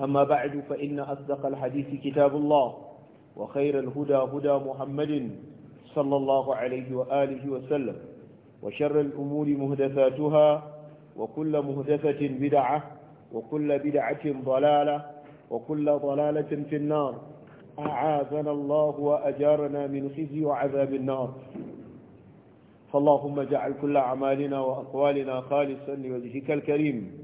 أما بعد فإن أصدق الحديث كتاب الله وخير الهدى هدى محمد صلى الله عليه وآله وسلم وشر الأمور مهدثاتها وكل مهدثة بدعة وكل بدعة ضلالة وكل ضلالة في النار أعاذنا الله وأجارنا من خزي وعذاب النار فاللهم اجعل كل أعمالنا وأقوالنا خالصا لوجهك الكريم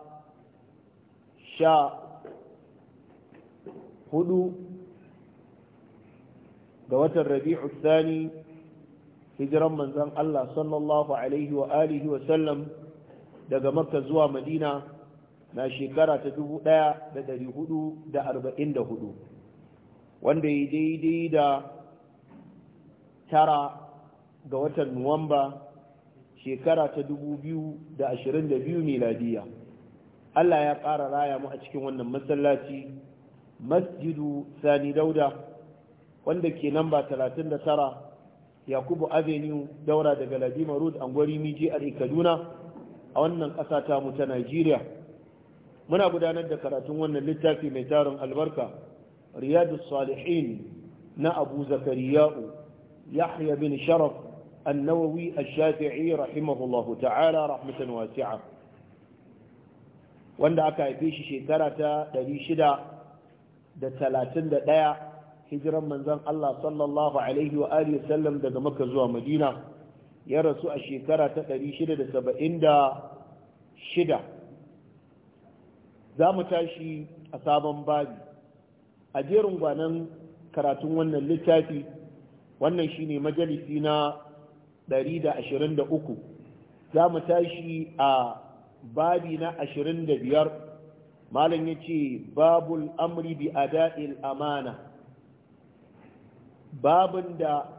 sha hudu ga watan rabi'u thani hijiran manzon Allah sallallahu alaihi wa alihi wa sallam daga makka zuwa madina na shekara ta 1444 wanda ya daidai da tara ga watan nuwamba shekara ta 2022 miladiya Allah ya ƙara raya mu a cikin wannan masallaci masjidu sani dauda wanda ke namba 39 yakubu avenue daura daga ladima road angwari miji a kaduna a wannan ƙasa ta mu ta nigeria muna gudanar da karatun wannan littafi mai tarin albarka riyadu salihin na abu zakariya'u yahya bin sharaf annawawi الشافعي rahimahullahu ta'ala rahmatan رحمة واسعة wanda aka haife shi shekara ta 631 hijiran manzon Allah sallallahu alaihi wa alihi sallam daga Makka zuwa Madina ya rasu a shekara ta shida. za mu tashi a sabon babi a jerin gwanan karatun wannan littafi wannan shine majalisi na 123 za mu tashi a babi na ashirin da biyar malam ya ce babul amri bi ada'il amana babin da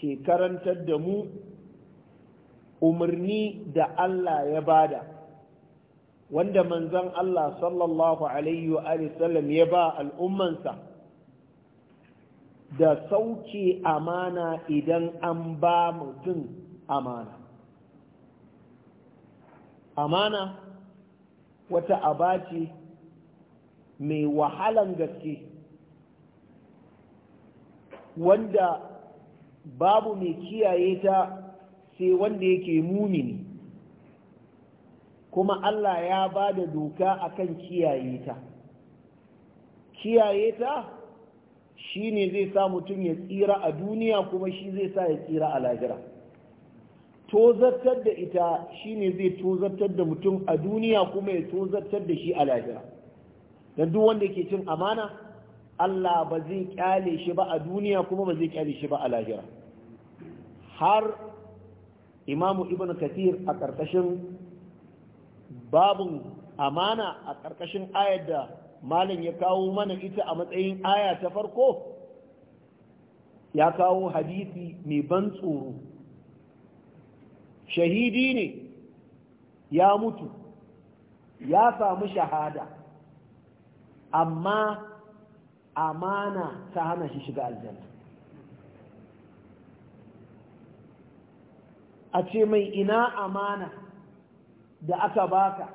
ke karantar da mu umarni da Allah ya bada wanda manzan Allah sallallahu alaihi wa sallam ya ba al'ummansa da sauke amana idan an ba mutum amana amana wata abaci mai wahalan gaske wanda babu mai kiyaye ta sai wanda yake mumini kuma Allah ya ba da doka akan kiyaye ta kiyaye ta shi ne zai sa mutum ya tsira a duniya kuma shi zai sa ya tsira a lahira. tozartar da ita shine zai tozartar da mutum a duniya kuma ya tozartar da shi a lahira don duk wanda ke cin amana Allah ba zai kyale shi ba a duniya kuma ba zai kyale shi ba a lahira har imamu ibn kathir a ƙarƙashin babin amana a ƙarƙashin ayar da malam ya kawo mana ita a matsayin aya ta farko ya kawo hadisi mai ban tsoro shahidi ne ya mutu ya samu shahada amma amana ta hana shi shiga aljanna a ce mai ina amana da aka baka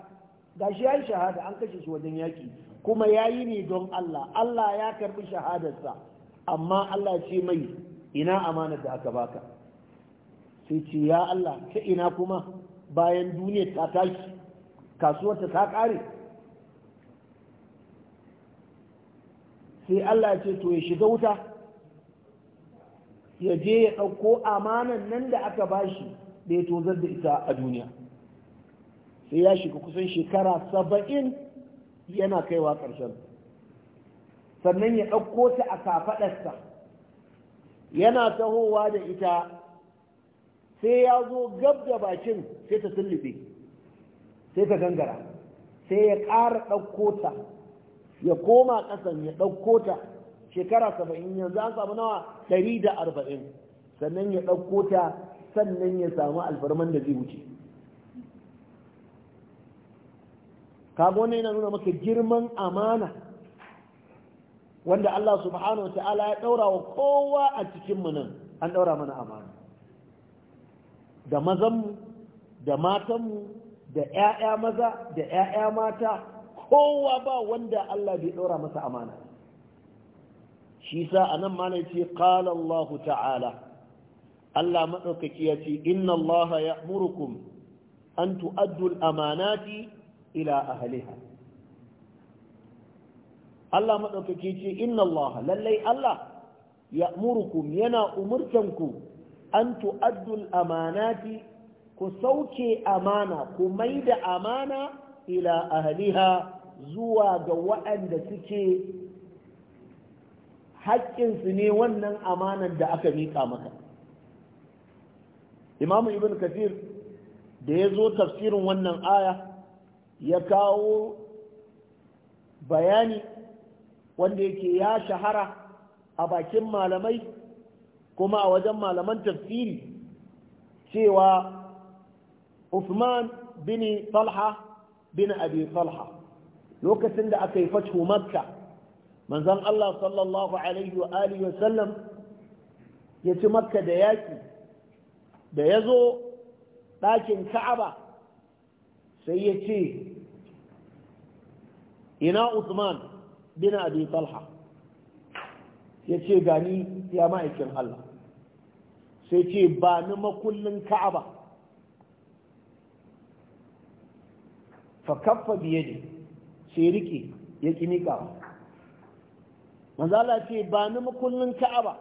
shi ya yi shahada an kashe shi wajen yaƙi kuma ya yi ne don Allah Allah ya karɓi shahadarsa amma Allah ce mai ina amana da aka baka sai ce ya Allah ta ina kuma bayan duniya ta tashi kasuwarta ta kare sai Allah ya ce to ya shiga wuta ya je ya ɗauko amanan nan da aka bashi da ya tozar da ita a duniya sai ya shiga kusan shekara saba'in yana kaiwa ƙarshen sannan ya ɗauko ta a kafaɗarsa yana tahowa da ita sai ya zo gab da bakin sai ta sullube sai ta gangara sai ya ƙara ɗauko ta ya koma ƙasan ya ɗauko ta shekara saba'in yanzu an samu nawa ɗari da arba'in sannan ya ɗauko ta sannan ya samu alfarman da zai wuce kago ne yana nuna maka girman amana wanda Allah subhanahu wa ta'ala ya ɗaura wa kowa a cikin nan an ɗaura mana amana da mazanmu da matanmu da 'ya'ya maza da 'ya'ya mata kowa ba wanda Allah bai ɗora masa amana shi sa a nan mana ce ƙala ta'ala Allah maɗaukaki ya ce inna Allah ya murukum an tu'addul amanati ila ahliha Allah maɗaukaki ce inna Allah lallai Allah ya murukum yana umurtanku an tu'addul amanati ku sauke amana ku mai da amana ila ahliha zuwa ga waɗanda suke haƙƙinsu ne wannan amanan da aka miƙa maka imamu ibn kafir da ya zo tafsirin wannan aya ya kawo bayani wanda yake ya shahara a bakin malamai kuma a wajen malaman tafsiri cewa Uthman bin Talha bin Abi Talha lokacin da aka yi fathu Makka manzon Allah sallallahu alaihi wa alihi wa sallam ya ci Makka da yaki da ya zo ɗakin Ka'aba sai ya ce ina Uthman bin Abi Talha ya ce gani ya ma'aikin Allah sai ce ba ni makullin ka'aba fa kaffa biye ne sai rike ya ƙi miƙawa manzala ce ba ni makullin ka'aba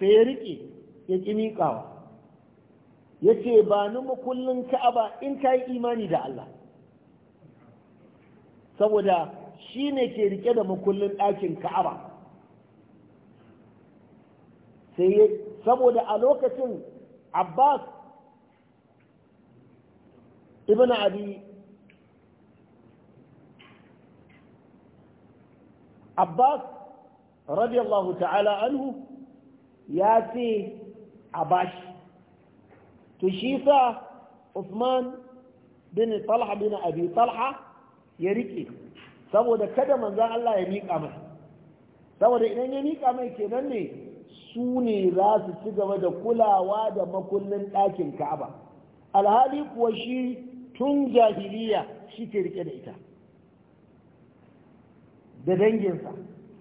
sai ya rike ya ƙi miƙawa ya ce ba ni makullin ka'aba in ka yi imani da Allah saboda shi ne ke rike da makullin ɗakin ka'aba sai saboda a lokacin abbas ibn abi abbas radiyallahu ta'ala anhu ya ce a bashi to shi sa usman bin talha bin abi talha ya rike saboda kada manzan Allah ya miƙa mai saboda idan ya miƙa mai kenan ne su ne za su ci gaba da kulawa da makullin ɗakin ka'aba alhali kuwa shi tun jahiliya shi ke rike da ita da danginsa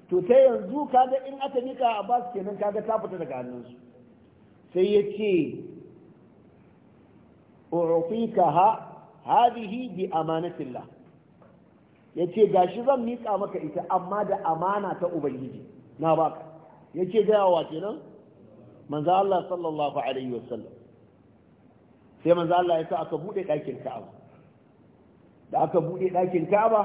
to ta yanzu kaga in aka nika a su kenan kaga ta fita daga hannunsu sai ya ce urufika ha hadihi bi amanatillah ya ce gashi zan mika maka ita amma da amana ta ubangiji na baka yake gaya wa kenan manzo Allah sallallahu alaihi wasallam sai manzo Allah ya sa aka bude dakin Ka'aba da aka bude dakin Ka'aba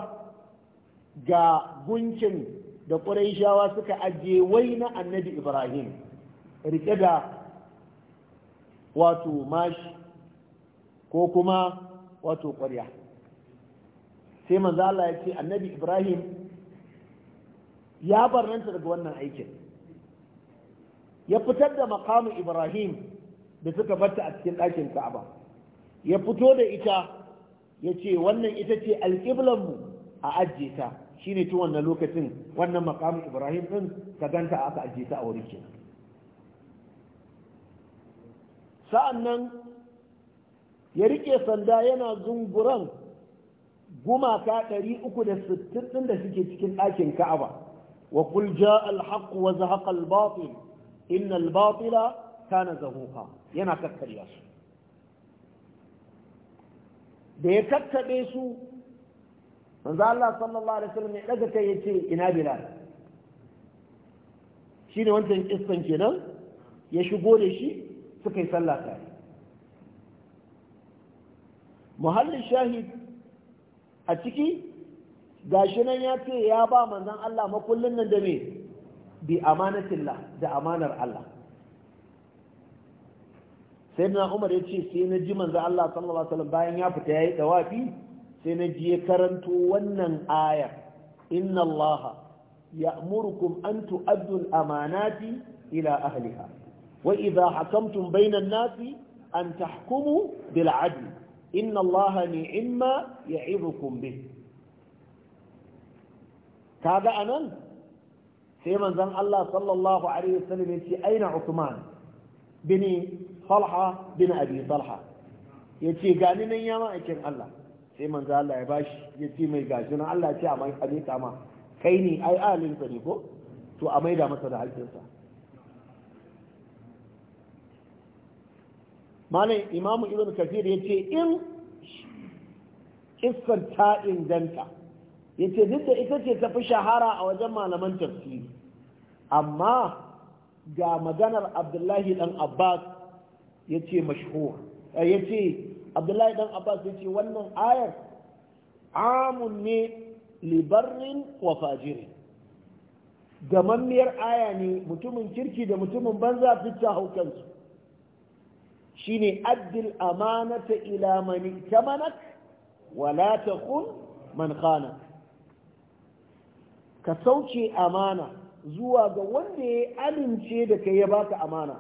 ga gunkin da Qurayshawa suka ajiye waina Annabi Ibrahim rike da wato mashi ko kuma wato ƙwarya sai manzo Allah ya ce Annabi Ibrahim ya barnanta daga wannan aikin ya fitar da makamu ibrahim da suka batta a cikin ɗakin ka'aba ya fito da ita ya ce wannan ita ce alƙiblanmu a ajiye ta shine tun wannan lokacin wannan makamu ibrahim ɗin ka ganta aka ajiye ta a wurin sa'an nan ya riƙe sanda yana zunguran gumaka 360 uku da suke cikin ɗakin ka'aba wa kulja ja alhaq wa zahaqa innal batila kana zahuqa yana kakkarya su da ya kakkabe su manzo Allah sallallahu alaihi wasallam ya daga kai yace ina bilal shine wancan kissan kenan ya shigo da shi suka yi sallah tare muhallin shahid a ciki gashi nan ya ce ya ba manzon Allah makullin nan da me bi amanatillah da amanar Allah sai na umar ya ce sai na ji manzo Allah sallallahu alaihi wasallam bayan ya fita yayi dawafi sai na ji ya karanto wannan aya inna Allah ya'murukum an tu'addu al-amanati ila ahliha wa idha hakamtum bayna an-nasi an tahkumu bil 'adl inna Allah ni'ma ya'idukum bih kaga anan sai Manzan Allah sallallahu alaihi wasallam ya ce aina Uthman Bini Talha bin Abi Talha yace gani nan ya ma'aikin Allah sai manzon Allah ya bashi yace mai gashi na Allah ce a mai ka ma kai ne ai alin sa ne ko to a maida masa da haƙƙinsa malam imamu ibn kafir ya ce in iskar ta inganta ya ce duk da ita ce ta fi shahara a wajen malaman tafsiri amma ga maganar abdullahi dan abbas ya ce mashhur eh, ya ce abdullahi dan abbas ya ce wannan ayar amun ne libarrin wa fajirin gamammiyar aya ne mutumin kirki da mutumin banza fita haukansu shine addil amanata ila mani manak, wala takun man khana ka sauce amana zuwa ga wanda ya amince da kai ya baka amana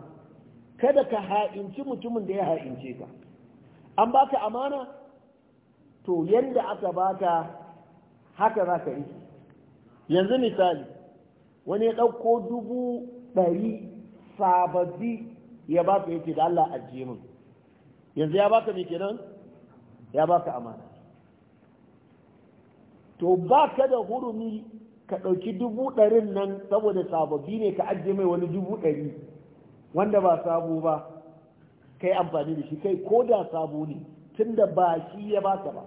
kada ka ha'inci mutumin da ya ha'ince ka an baka amana to yadda aka baka haka za ka yi yanzu misali wani ya ɗauko dubu ɗari sababbi ya baka yake da Allah ajiye min yanzu ya baka mai kenan ya baka amana to ba ka da hurumi ka ɗauki dubu ɗarin nan saboda sababbi ne ka ajiye mai wani dubu ɗari wanda ba sabo ba kai amfani da shi kai ko da sabo ne tunda ba shi ya ka ba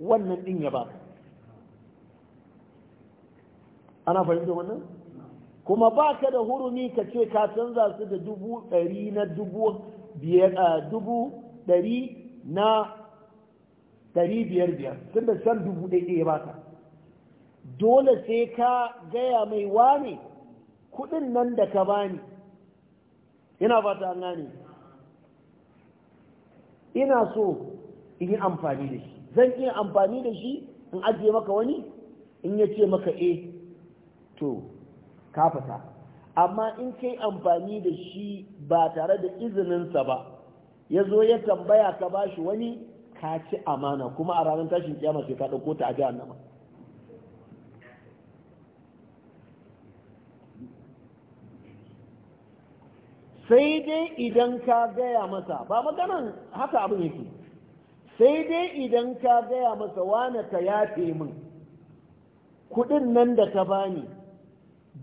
wannan ɗin ya ka. ana fahimta wannan kuma ba ka da hurumi ka ce ka canza su da dubu ɗari na dubu ɗari na ɗari biyar biyar tunda can dubu ɗaya ya ba ka. dole sai ka gaya mai wane kudin nan da ka bani ina fata an gane ina so in yi amfani da shi zan iya amfani da shi in ajiye maka wani in ya ce maka eh to ka amma in kai amfani da shi ba tare da izininsa ba ya zo ya tambaya ka bashi wani ka ci amana kuma a ranar tashin kiyama sai ka ɗauko ta a jihar nama sai dai idan ka gaya masa ba maganan haka abin yake sai dai idan ka gaya masa wane ka yafe min kudin nan da ka bani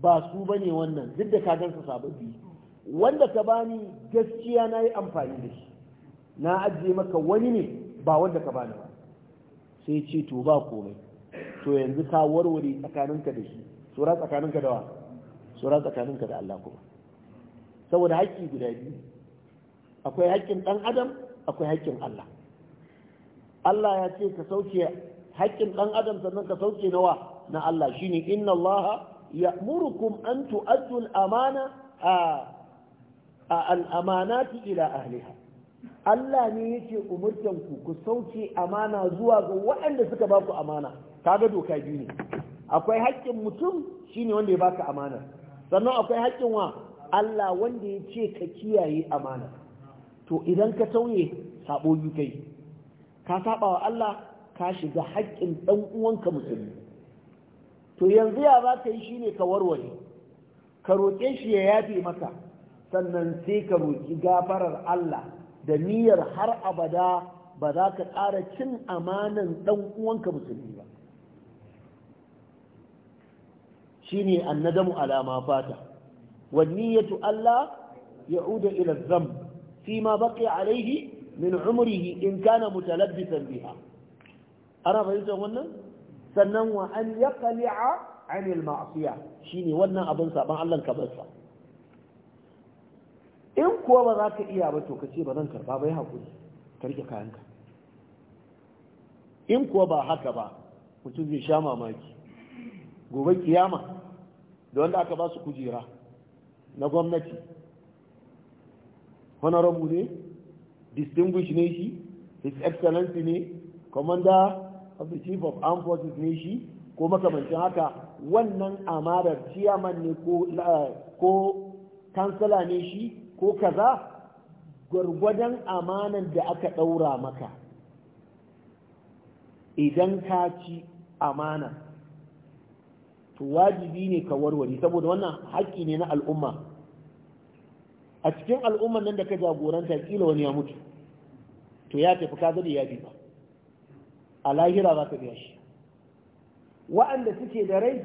ba su bane wannan duk da ka gansa sababbi wanda ka bani gaskiya na yi amfani da shi na ajiye maka wani ne ba wanda ka bani ba sai ce to ba komai to yanzu ka warware tsakaninka da shi tsakaninka da wa tsakaninka da Allah kuma saboda haƙƙi guda biyu akwai haƙƙin ɗan adam akwai haƙƙin Allah Allah ya ce ka sauke haƙƙin ɗan adam sannan ka sauke nawa na Allah shine inna Allah ya'murukum an tu'addu al-amana al-amanati ila ahliha Allah ne yake umurtan ku ku sauke amana zuwa ga waɗanda suka ba ku amana kaga doka biyu ne akwai haƙƙin mutum shine wanda ya baka amana sannan akwai haƙƙin wa Allah wanda ya ce ka kiyaye amana to idan ka tauye sabo yi kai ka saba wa Allah ka shiga haƙƙin ɗan uwanka musulmi to yanzu ya za ka yi ne ka warware ka roƙe shi ya yafe maka sannan sai ka roƙi gafarar Allah da niyyar har abada ba za ka ƙara cin amanan ɗan uwanka musulmi ba Shi shine annadamu alama fata والنية ألا يعود إلى الذنب فيما بقي عليه من عمره إن كان متلبسا بها أنا فهمت أقولنا sannan wa an ya kali'a anil ma'asiya shine wannan abin saban Allah ka bar sa in kuwa ba za ka iya ba to kace ba zan karba bai hakuri karke kayanka in kuwa ba haka ba mutum zai sha mamaki gobe ƙiyama da wanda aka ba su kujera na gwamnati honorable ne distinguished ne shi his excellency ne commander of the chief of armed forces ne shi ko makamancin haka wannan amarar chairman ne ko eh, kansala ne shi ko kaza gwargwadon amanan da aka ɗaura maka idan ka ci amana to wajibi ne ka warware saboda wannan haƙƙi ne na al'umma a cikin al'umman nan da ka jagoranta kila wani ya mutu to ya tafi ka zade ya bi ba a lahira za ka biya shi Waɗanda suke da rai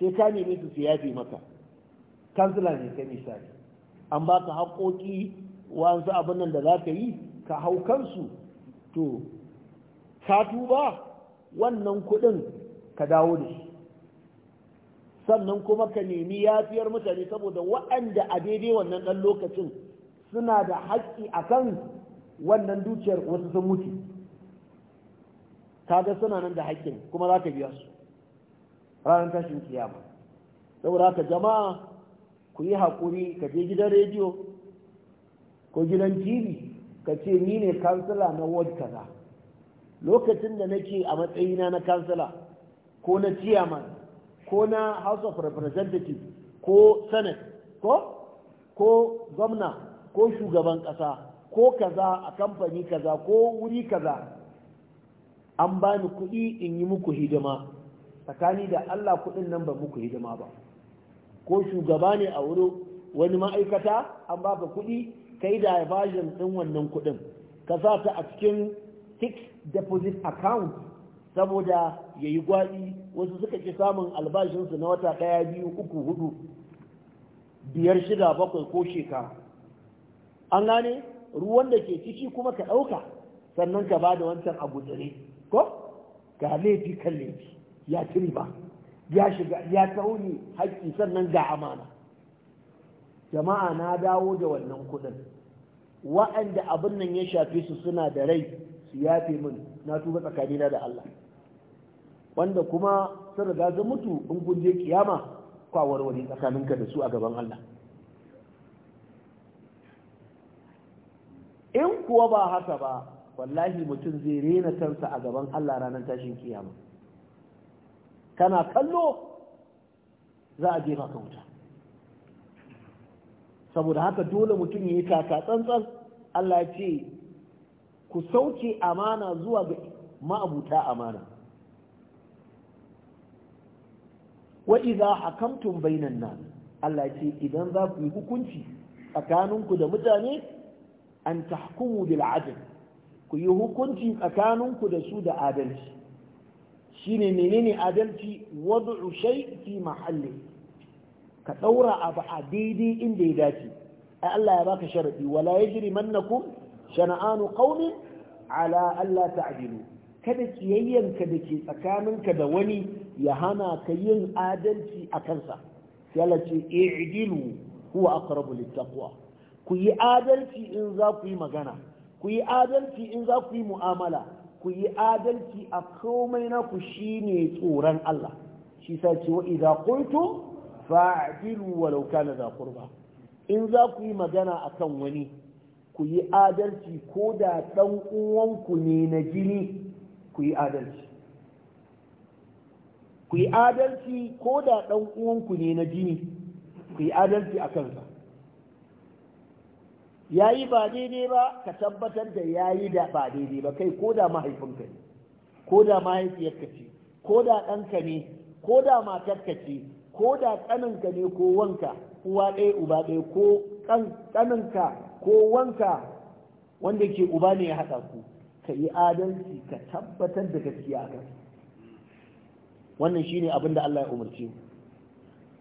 sai ka nemi su su yafi maka kansila ne ka misali an ba ka haƙoƙi wa'ansu abin nan da za ka yi ka hau kansu to ka tuba wannan kuɗin ka dawo da shi sannan kuma ka nemi yafiyar mutane saboda waɗanda a daidai wannan ɗan lokacin suna da haƙƙi a kan wannan dukiyar wasu sun mutu kaga suna nan da haƙƙin kuma za ka biya su ranar tashin kiyama saboda ka jama'a ku yi haƙuri ka je gidan rediyo ko gidan tv ka ce ni ne kansila na ward kaza lokacin da nake a matsayina na kansila ko na ciyaman ko na house of representatives ko senate ko ko gwamna ko shugaban kasa ko kaza a kamfani kaza ko wuri kaza an ba ni kuɗi in yi muku hidima tsakani da Allah kuɗin nan ba muku hidima ba ko shugaba ne a wuri wani ma'aikata an ba ka kuɗi kai da bajin ɗin wannan kuɗin ka sa ta a cikin fixed deposit account saboda ya yi gwaɗi wasu suka ci samun albashinsu na wata ɗaya biyu uku hudu biyar shida bakwai ko shekara an gane ruwan da ke ciki kuma ka ɗauka sannan ka ba da wancan abu dare ko ga laifi kan laifi ya ci ba, ya shiga ya tauni haƙƙi sannan ga amana jama'a na dawo da wannan kuɗin wa'anda abin nan ya shafe su suna da rai su yafe min na tuba tsakanina da Allah wanda kuma sun riga sun mutu in kun je kiyama kwa warware tsakaninka da su a gaban Allah in kuwa ba haka ba wallahi mutum zai rena kansa a gaban Allah ranar tashin kiyama kana kallo za a jefa ka wuta saboda haka dole mutum ya yi kaka tsantsan Allah ce ku sauke amana zuwa ga ma'abuta amana wa idza hakamtum bainan nan Allah ce idan za ku yi hukunci tsakaninku da mutane an tahkumu bil adl ku yi hukunci tsakaninku da su da adalci shine menene adalci wad'u shay fi mahalli ka daura abu a daidai inda ya dace ai Allah ya baka sharadi wala yajri kun shana'anu qaumin ala alla ta'dilu kada kiyayyanka da ke tsakaninka da wani ya hana ka yin adalci a kansa sai Allah ce i'dilu huwa aqrabu littaqwa ku yi adalci in za ku yi magana ku yi adalci in za ku yi mu'amala ku yi adalci a komai na ku shine tsoron Allah shi sa ce wa idza qultu fa'dilu walau kana za qurba in za ku yi magana akan wani ku yi adalci ko da dan uwanku ne na jini ku yi adalci ku yi adalci ko da ɗan uwanku ne na jini ku yi adalci a kansa ya yi ba daidai ba ka tabbatar da ya yi da ba daidai ba kai ko da mahaifinka ne ko da mahaifiyarka ce ko da ɗanka ne ko da matarka ce ko da ƙaninka ne ko wanka uwa ɗaya uba ɗaya ko ƙaninka ko wanka wanda ke uba ne ya haɗa ku ka yi adalci ka tabbatar da gaskiya ka wannan shine abin da Allah ya umarci mu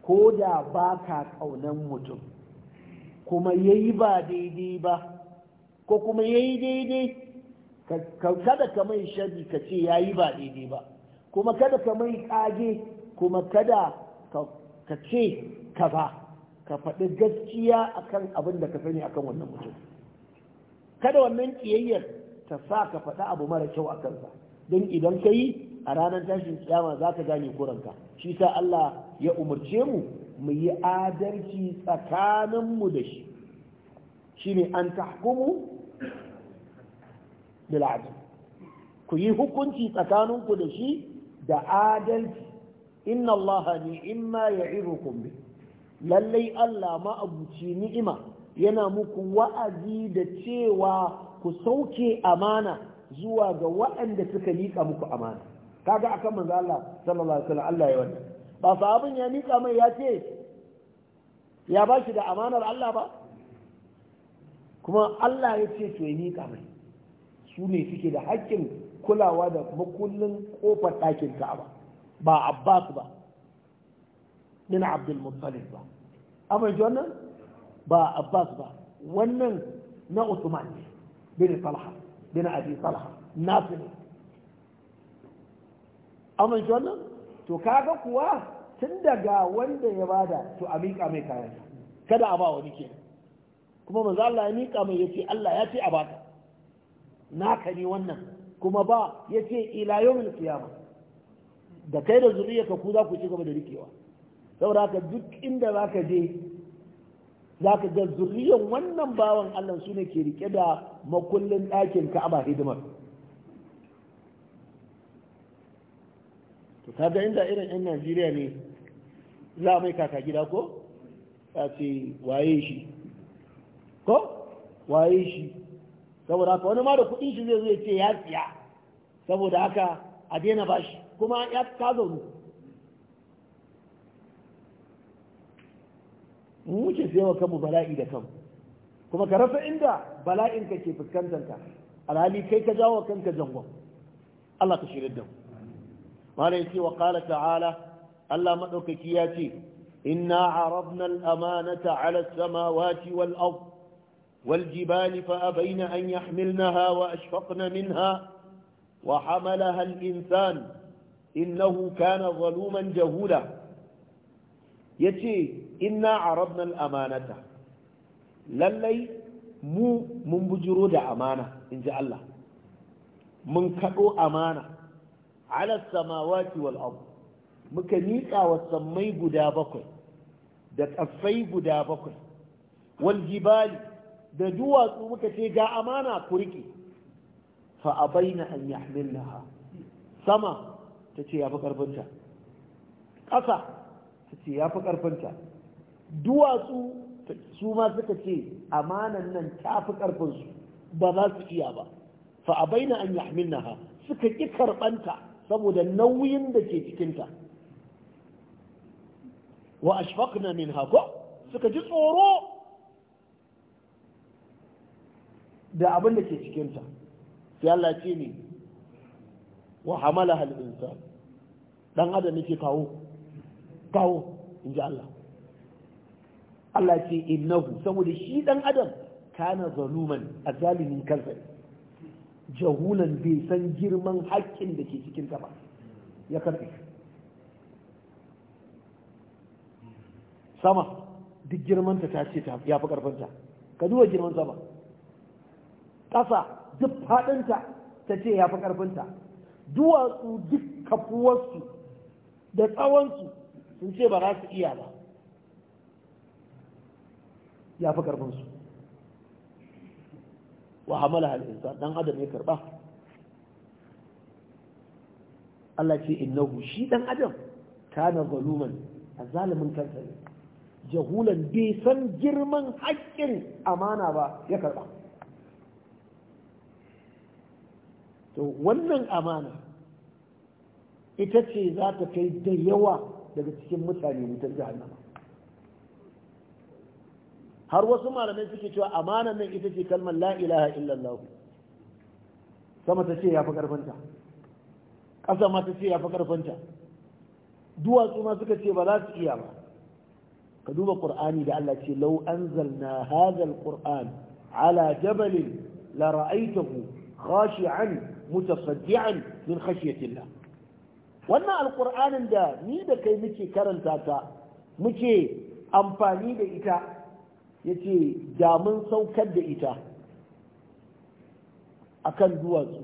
ko da ba ka ƙaunan mutum kuma ya yi ba daidai ba ko kuma ya yi daidai kada ka mai shari ka ce ya yi ba daidai ba kuma kada ka mai ƙage kuma kada ka ce ka ba ka faɗi gaskiya akan abin da ka sani akan wannan mutum kada wannan kiyayyar. ta sa ka faɗa abu mara kyau a kansa don idan ka yi a ranar tashin kiyama za ka gane kuranka shi sa Allah ya umarce mu mu yi adalci tsakaninmu da shi shi ne an tahkumu bil ku yi hukunci tsakaninku da shi da adalci inna allaha ni'imma ya'idukum bi lallai Allah ma abuci ni'ima yana muku wa'azi da cewa ku sauke amana zuwa ga waɗanda suka liƙa muku amana kaga akan manzo Allah sallallahu alaihi wasallam Allah ya wannan ba sahabin ya liƙa mai ya ce ya bashi da amanar Allah ba kuma Allah ya ce to ya liƙa mai su ne suke da haƙƙin kulawa da makullin kofar ɗakin Ka'aba ba Abbas ba din Abdul Muttalib ba amma wannan ba Abbas ba wannan na Uthman ne bin talha bin abi talha nasu ne amin wannan to ga kuwa tun daga wanda ya bada to a miƙa mai kayan kada a ba wani ke kuma manzo Allah ya miƙa mai yace Allah ya ce a baka naka ne wannan kuma ba yace ila yawmil qiyamah da kai da zuriyarka ku za ku ci gaba da rikewa saboda haka duk inda za ka je za ka ga zuriyar wannan bawan Allah su ne ke rike da makullin ɗakin ka'aba hidimar to kaga inda irin yan Najeriya ne za mai kaka gida ko ta ce waye shi ko waye shi saboda haka wani ma da kuɗin shi zai zo ya ce ya tsiya saboda haka a daina bashi kuma ya ka zaune mu wuce sai wa kanmu bala'i da kanmu kuma ka rasa inda bala'in ka ke fuskantar ka alhali kai ka jawo kanka jangon Allah ka shirya da mu malai ce wa qala ta'ala Allah madaukaki ya ce inna aradna al-amanata 'ala as-samawati wal-ard wal-jibali fa abayna an yahmilnaha wa ashfaqna minha wa hamalaha al-insan innahu kana zaluman jahula yace inna arabna amanata lallai mu mun bujiro da amana in ji Allah mun kaɗo amana ala samawati wal muka miƙa wa sammai guda bakwai da ƙasai guda bakwai wal jibali da duwatsu muka ce ga amana ku riƙe fa abaina an yahmilnaha sama ta ce ya fi ƙarfinta ƙasa ta ce ya fi ƙarfinta duwatsu su ma suka ce amanan nan ta fi ƙarfinsu ba za su iya ba fa a baina an yahminnaha suka ƙi karɓanta saboda nauyin da ke cikinta wa ashfaqna min hako? suka ji tsoro da abin da ke cikinta sai Allah ce ne wa hamala hal insan dan adam yake kawo kawo in ji Allah Allah ce innahu saboda shi dan adam kana zaluman azalimin kansa jahulan bai san girman haƙƙin da ke cikin ba ya karɓe sama duk girmanta ta ce ya fi ƙarfanta ka duba girman sama ƙasa duk faɗinta ta ce ya fi ƙarfinta duwatsu duk kafuwarsu da tsawonsu sun ce ba za su iya ba ya fi karfin su wa hamala halittar dan adam ya karba Allah ce innahu shi dan adam kana zaluman zalimin kansa ne jahulan bai san girman haƙƙin amana ba ya karba to wannan amana ita ce za ta kai da yawa daga cikin mutane mutar jihannama har wasu malamai suke cewa amanan nan ita ce kalmar la ilaha illallah sama ta ce ya fi karfanta ƙasa ma ta ce ya fi karfanta duwatsu ma suka ce ba za su iya ba ka duba qur'ani da Allah ce law anzalna hadha alquran ala la khashi'an mutasaddian min khashyatillah wannan alƙur'anin da ni da kai muke karanta ta muke amfani da ita Yace ce da mun saukar da ita akan duwatsu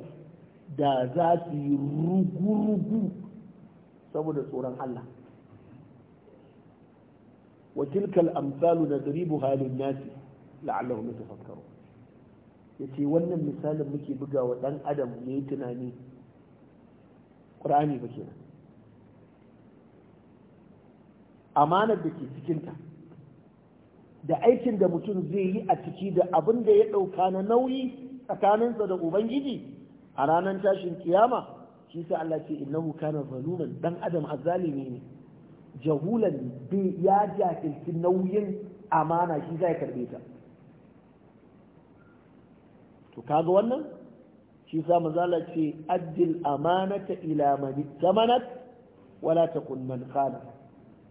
da za su yi rugurugu saboda tsoron Allah wa amsalu da halin nasi la'allahu na tafakkaru ya ce wannan misalin muke buga wa ɗan adam ya tunani ƙur'ani ba kenan amanar da ke cikinta da aikin da mutum zai yi a ciki da abin da ya ɗauka na nauyi tsakaninsa da ubangiji a ranar tashin kiyama shi sa Allah ce innahu kana zaluman dan adam azzalimi ne jahulan bi ya jahilci nauyin amana shi zai karbe ta to kaga wannan shi sa manzala ce addil amanata ila man zamanat wala takun man khana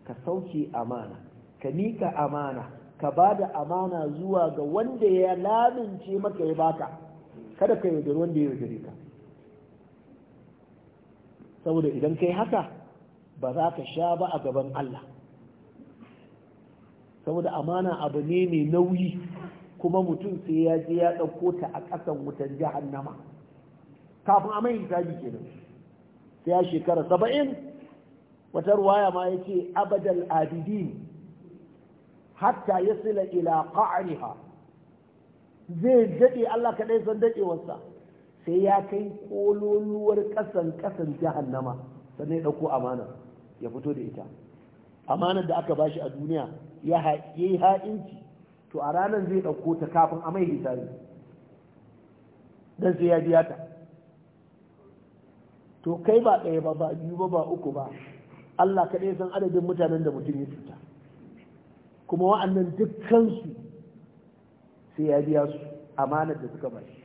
ka sauke amana ka nika amana ka ba da amana zuwa ga wanda ya lamince maka ya baka kada ka yaudari wanda ya yaudari ka saboda idan kai haka ba za ka sha ba a gaban Allah saboda amana abu ne mai nauyi kuma mutum sai ya je ya ɗauko ta a ƙasan wutan nama. kafin a mai hisabi kenan sai ya shekara saba'in wata ruwaya ma ya ce abadal abidin hatta yasila ila qa'riha zai daɗe Allah kadai san wasa sai ya kai kololuwar kasan kasan jahannama sannan ya ɗauko amana ya fito da ita amanar da aka bashi a duniya ya yi ha'inci to a ranar zai dauko ta kafin a mai hisabi dan sai ya biya ta to kai ba ɗaya ba ba biyu ba ba uku ba Allah kaɗai san adadin mutanen da mutum ya cuta kuma wa'annan dukkansu sai ya biya su amanar da suka bashi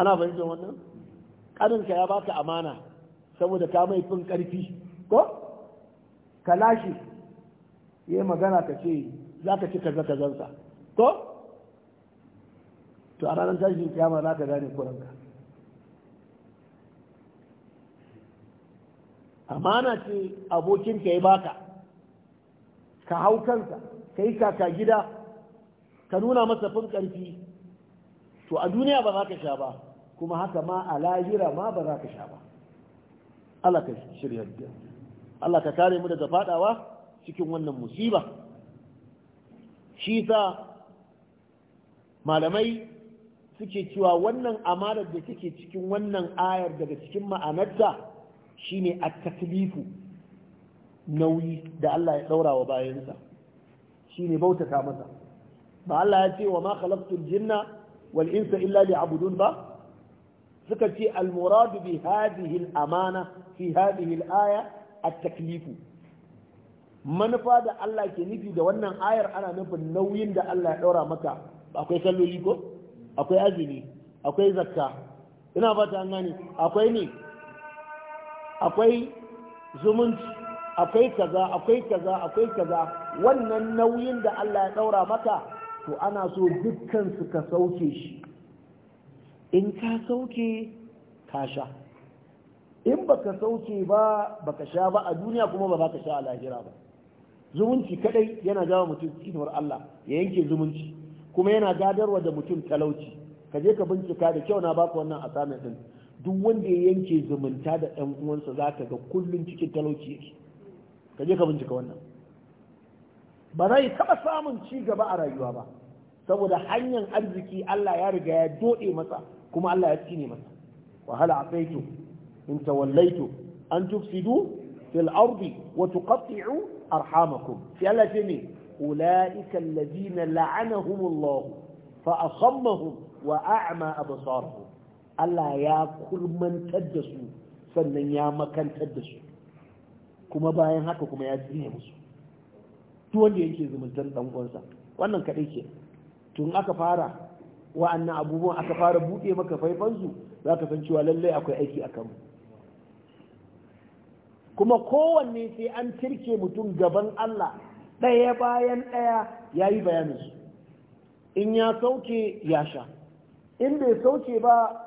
ana fahimtar wannan ƙarinka ya baka amana saboda ka mai fin ƙarfi ko ka lashe yi magana ka ce za ka ci kaza kazansa ko to a ranar tashin kyamar za ka gane kuranka amana ce abokinka ya baka ka hau kansa ka yi kaka gida ka nuna masa fin ƙarfi to a duniya ba za ka sha ba kuma haka ma a lahira ma ba za ka sha ba Allah ka shirya Allah ka kare mu daga fadawa cikin wannan musiba shi sa malamai suke cewa wannan amanar da take cikin wannan ayar daga cikin ma'anarta shine at-taklifu nauyi da Allah ya ɗaura wa bayansa ne bautata masa ba Allah ya ce wa ma khalaqtul jinna wal insa illa liya'budun ba suka ce almuradu bi hadihil amana fi hadhihi aya at-taklifu manufa da Allah ke nufi da wannan ayar ana nufin nauyin da Allah ya ɗaura maka akwai kalloli ko akwai azumi akwai zakka ina fata an akwai ne akwai zumunci akwai kaza akwai kaza akwai kaza wannan nauyin da Allah ya daura maka to ana so dukkan su ka sauke shi in ka sauke ka sha in baka sauke ba baka sha ba a duniya kuma ba ka sha a lahira ba zumunci kadai yana jawo mutum cikinwar Allah ya yanke zumunci kuma yana gadarwa da mutum talauci ka je ka bincika da kyau na baka wannan assignment din duk wanda ya yanke zumunta da ɗan uwansa za ka ga kullum cikin talauci yake ka je ka bincika wannan ba zai taɓa samun ci gaba a rayuwa ba saboda hanyar arziki Allah ya riga ya doɗe masa kuma Allah ya cine masa wahala afaitu in tawallaitu an tufsidu fil ardi wa tuqatti'u arhamakum sai Allah ce ne ulaika alladhina la'anahumullah fa asammahum wa a'ma absarahum Allah ya kurmantar da su sannan ya makantar da su kuma bayan haka kuma ya tsine musu to wanda yake zumuntar dan uwansa wannan kadai ke tun aka fara wa'annan abubuwan aka fara buɗe maka faifansu za ka san cewa lallai akwai aiki a kanmu kuma kowanne sai an tirke mutum gaban Allah ɗaya bayan ɗaya ya yi bayaninsu in ya sauke ya sha in bai sauke ba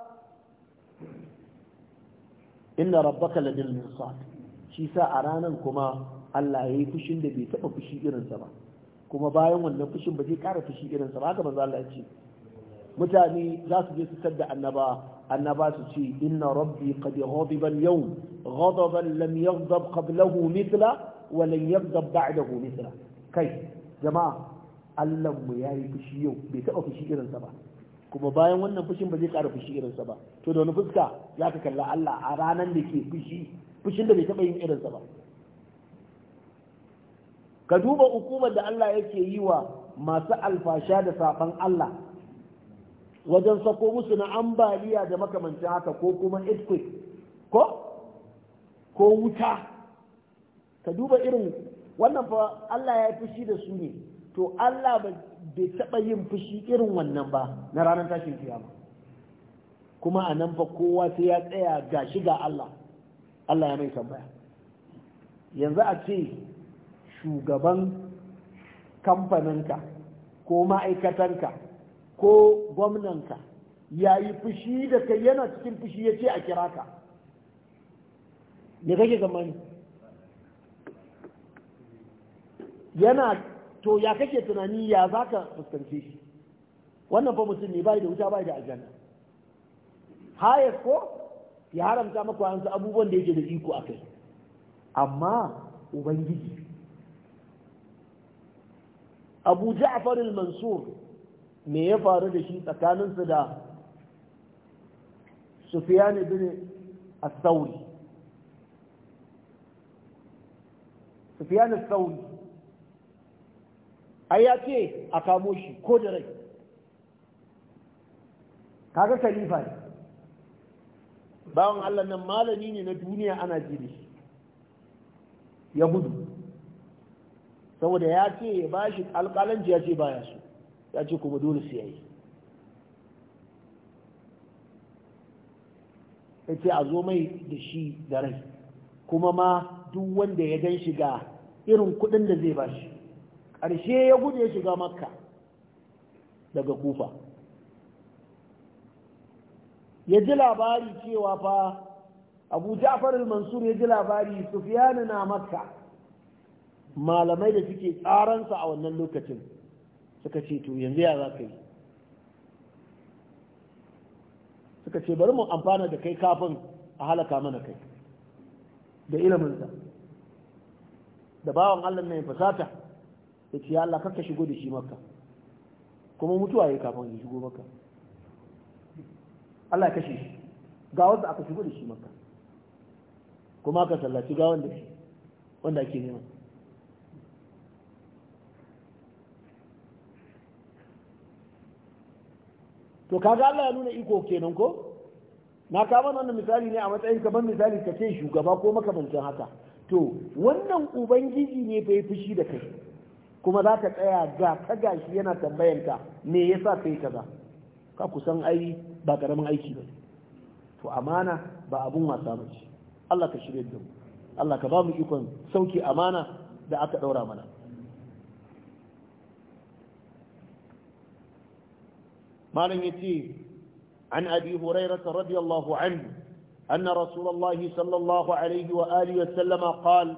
inna rabbaka ladil mirsad shi sa a ranan kuma Allah yayi fushin da bai taba fushi irin sa ba kuma bayan wannan fushin ba zai kara fushi irin sa ba haka manzo Allah ya ce mutane za su je su tadda annaba annaba su ce inna rabbi qad ghadiba al-yawm ghadaban lam yaghdab qablahu mithla wa lan yaghdab ba'dahu mithla kai jama'a Allah mu yayi fushi yau bai taba fushi irin sa ba kuma bayan wannan fushin ba zai ƙara fushi irinsa ba to da wani fuska za ka kalla Allah a ranar da ke fushi fushin da bai taɓa yin irinsa ba ka duba hukumar da Allah yake yi wa masu alfasha da safan Allah wajen sako musu na ambaliya da makamancin haka ko kuma earthquake ko ko wuta ka duba irin wannan fa Allah ya fushi da su ne to Allah bai taɓa yin fushi irin wannan ba na ranar tashin kiyama kuma a nan fa kowa sai ya tsaya ga shi ga Allah Allah ya mai tambaya yanzu a ce shugaban kamfaninka ko ma'aikatan ka, ko gwamnanka ya yi fushi da kai yana cikin fushi ya ce a kira ka me kake zamani yana to ya kake tunani ya za ka fuskance shi wannan fa mutum ne bai da wuta bai da aljanna hayas ko ya haramta maka yanzu abubuwan da yake da iko a kai amma ubangiji abu ja'far al-mansur me ya faru da shi tsakaninsu da sufyan ibn as-sawri sufyan as-sawri A ya ce a kamo shi ko da rai kaga khalifa ne bawan Allah nan malami ne na duniya ana jiri ya gudu saboda ya ce ya ba shi alƙalanci ya ce baya su ya ce kuma dole su yayi ya ce a zo mai da shi da rai kuma ma duk wanda ya gan shiga irin kudin da zai ba shi ƙarshe ya gude shiga makka daga kufa ya ji labari cewa fa abu ja'far al-mansur ya ji labari sufyan na makka malamai da suke tsaransa a wannan lokacin suka ce to yanzu ya za ka yi suka ce bari mu amfana da kai kafin a halaka mana kai da iliminsa da bawan allah mai fasata ya ce ya Allah kakka shigo da shi maka kuma mutuwa ya kafin ya shigo maka Allah ya kashe shi ga wanda aka shigo da shi maka kuma aka sallaci ga wanda shi wanda ake nema to kaga Allah ya nuna iko kenan ko na kama wannan misali ne a matsayin ka ban misali ka ce shugaba ko makamancin haka to wannan ubangiji ne bai fushi da kai kuma za ka tsaya ga ka gashi yana tambayanka me yasa kai kaza ka kusan ai ba karamin aiki ba to amana ba abun wasa ba ce Allah ka shirye da mu Allah ka ba mu ikon sauki amana da aka daura mana malam yace an abi hurairah radiyallahu anhu أن رسول الله صلى الله عليه وآله وسلم قال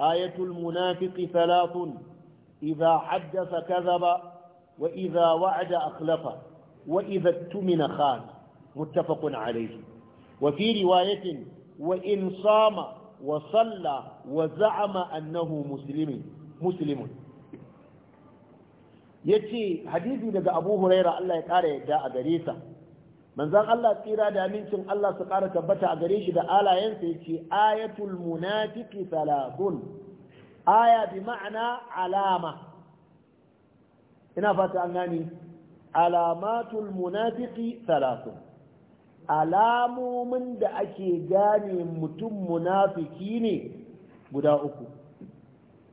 آية المنافق ثلاث إذا حدث كذب وإذا وعد أخلف وإذا اتمن خان متفق عليه وفي رواية وإن صام وصلى وزعم أنه مسلم مسلم yace hadisi daga Abu Huraira Allah ya kara yadda a gare sa manzon Allah tsira da amincin Allah su kara tabbata a gare shi da alayensa yace ayatul munafiqi thalathun aya bi ma'ana alama ina fata an gani alamatul munafiki salatu alamomin da ake gane mutum munafiki ne guda uku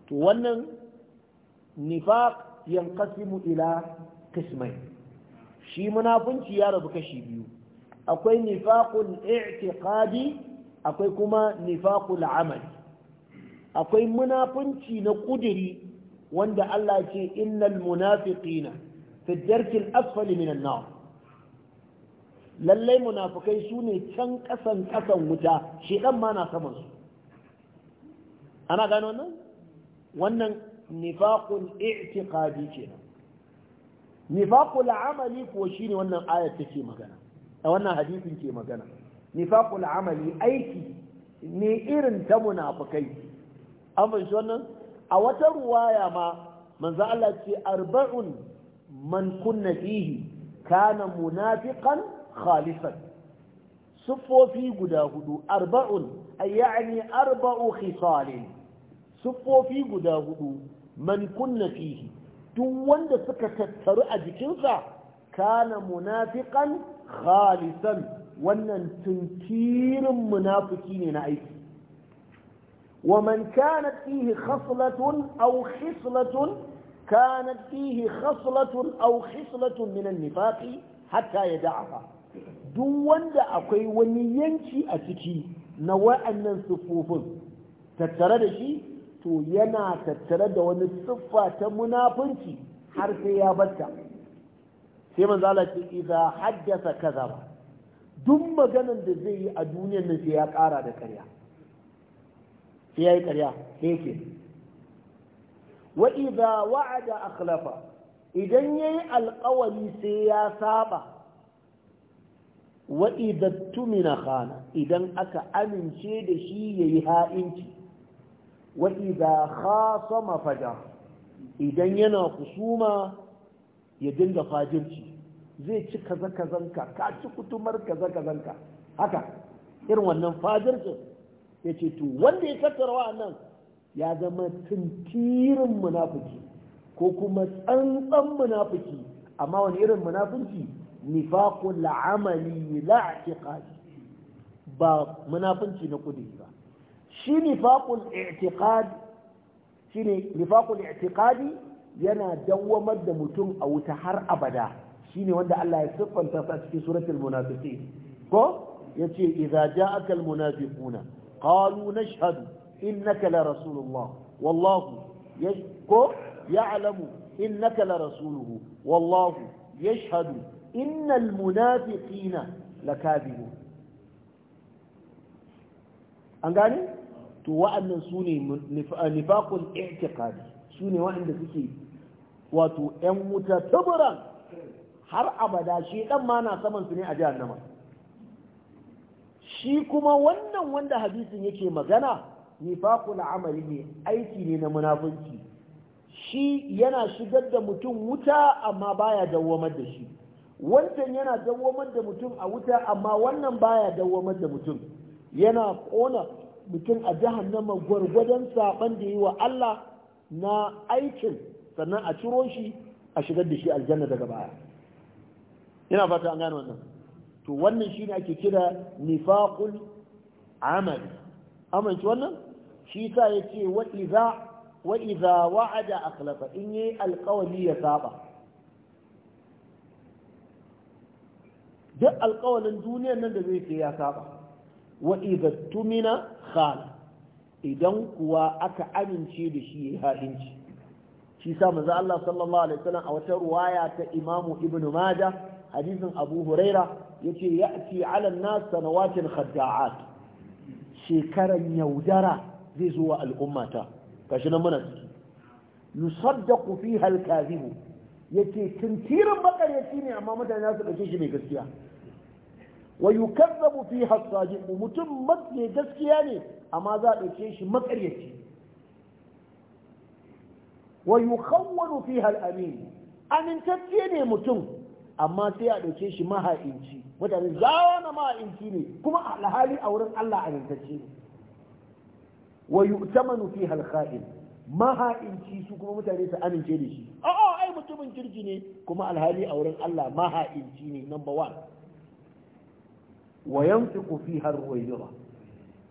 to wannan nifaq yanqasimu ila qismain shi munafunci ya rabu kashi biyu akwai nifaqul i'tiqadi akwai kuma nifaqul amali akwai munafunci na kudiri wanda Allah ce innal munafiqina fi darkil asfali minan nar lallai munafukai su ne can kasan kasan wuta shedan ma na saman su ana gano wannan wannan nifaqul i'tiqadi ce nifaqul amali ko shine wannan ayat take magana a wannan hadisin ke magana nifaqul amali aiki ne irin ta munafukai an fahimci wannan a wata ruwaya ma manzo Allah ce arba'un man kunna fihi kana munafiqan khalisan sufofi guda hudu arba'un ay ya'ni arba'u khisalin sufofi guda hudu man kunna fihi duk wanda suka tattaru a jikinsa kana munafiqan khalisan wannan tunkirin munafiki ne na aiki ومن كانت فيه خصلة أو خصلة كانت فيه خصلة أو خصلة من النفاق حتى يدعها duk wanda akwai wani yanci a ciki na wa'annan siffofin tattare da shi to yana tattare da wani siffa ta munafunci har sai ya batta sai manzo Allah ce idza haddatha kadhaba duk maganar da zai yi a duniyar nan sai ya ƙara da karya. sai yayi ƙarya sai ke wa idza wa'ada akhlafa idan yayi alƙawari sai ya saba wa idza tumina khana idan aka amince da shi yayi ha'inci wa idza khasama fajar idan yana kusuma ya dinga fajirci zai ci kaza kazanka ka ci kutumar kaza kazanka haka irin wannan fajircin ya ce to wanda ya tattara wa'annan ya zama tuntirin munafiki ko kuma tsantsan munafiki amma wani irin munafiki nifaqul amali la ba munafinci na kudi ba shi nifaqul itikadi shine yana dawwamar da mutum a wuta har abada shine wanda Allah ya siffanta sa cikin suratul munafiqin ko yace idza ja'aka al munafiquna قالوا نشهد إنك لرسول الله والله يعلم إنك لرسوله والله يشهد إن المنافقين لكاذبون an gane to wa'annan su ne nifaqul i'tiqadi su ne wa'anda suke wato 'yan wuta taburan har abada shi dan ma na saman su ne a jihar jahannama shi kuma wannan wanda hadisin yake magana nifaqul amali ne aiki ne na munafunci shi yana shigar da mutum wuta amma baya dawwamar da shi wancan yana dawwamar da mutum a wuta amma wannan baya dawwamar da mutum yana kona mutum a jahannama gwargwadon saban da yi wa Allah na aikin sannan a ciro shi a shigar da shi aljanna daga baya ina fata an gane wannan to wannan shi ne ake kira nifaqul amali amince wannan shi sa ya ce wa'iza wa idza wa'ada akhlafa in yi alqawli ya saba duk alkawalin duniyar nan da zai ce ya saba Wa'iza, tumina khana idan kuwa aka amince da shi ya ha'inci shi sa manzo Allah sallallahu alaihi wasallam a wata ruwaya ta Imam Ibn Majah hadisin abu huraira ya ce ya ci na nas sanawatin khadda'at shekaran yaudara zai zo wa al'ummata gashi nan muna ciki yusaddaqu fiha al-kadhibu yace tintirin makaryaci ne amma mutane za su ɗauke shi mai gaskiya wa yukazzabu fiha as mutum mai gaskiya ne amma za a ɗauke shi makaryaci wa yukhawwanu fiha al amintacce ne mutum amma sai a ɗauke shi maha'inci mutane za na maha'inci ne kuma alhali a wurin Allah amintacce ne wa yu'tamanu fi halqa'in maha'inci su kuma mutane su amince da shi a'a ai mutumin kirji ne kuma alhali a wurin Allah maha'inci ne number one, wa yanfiqu fiha ar-ruwayra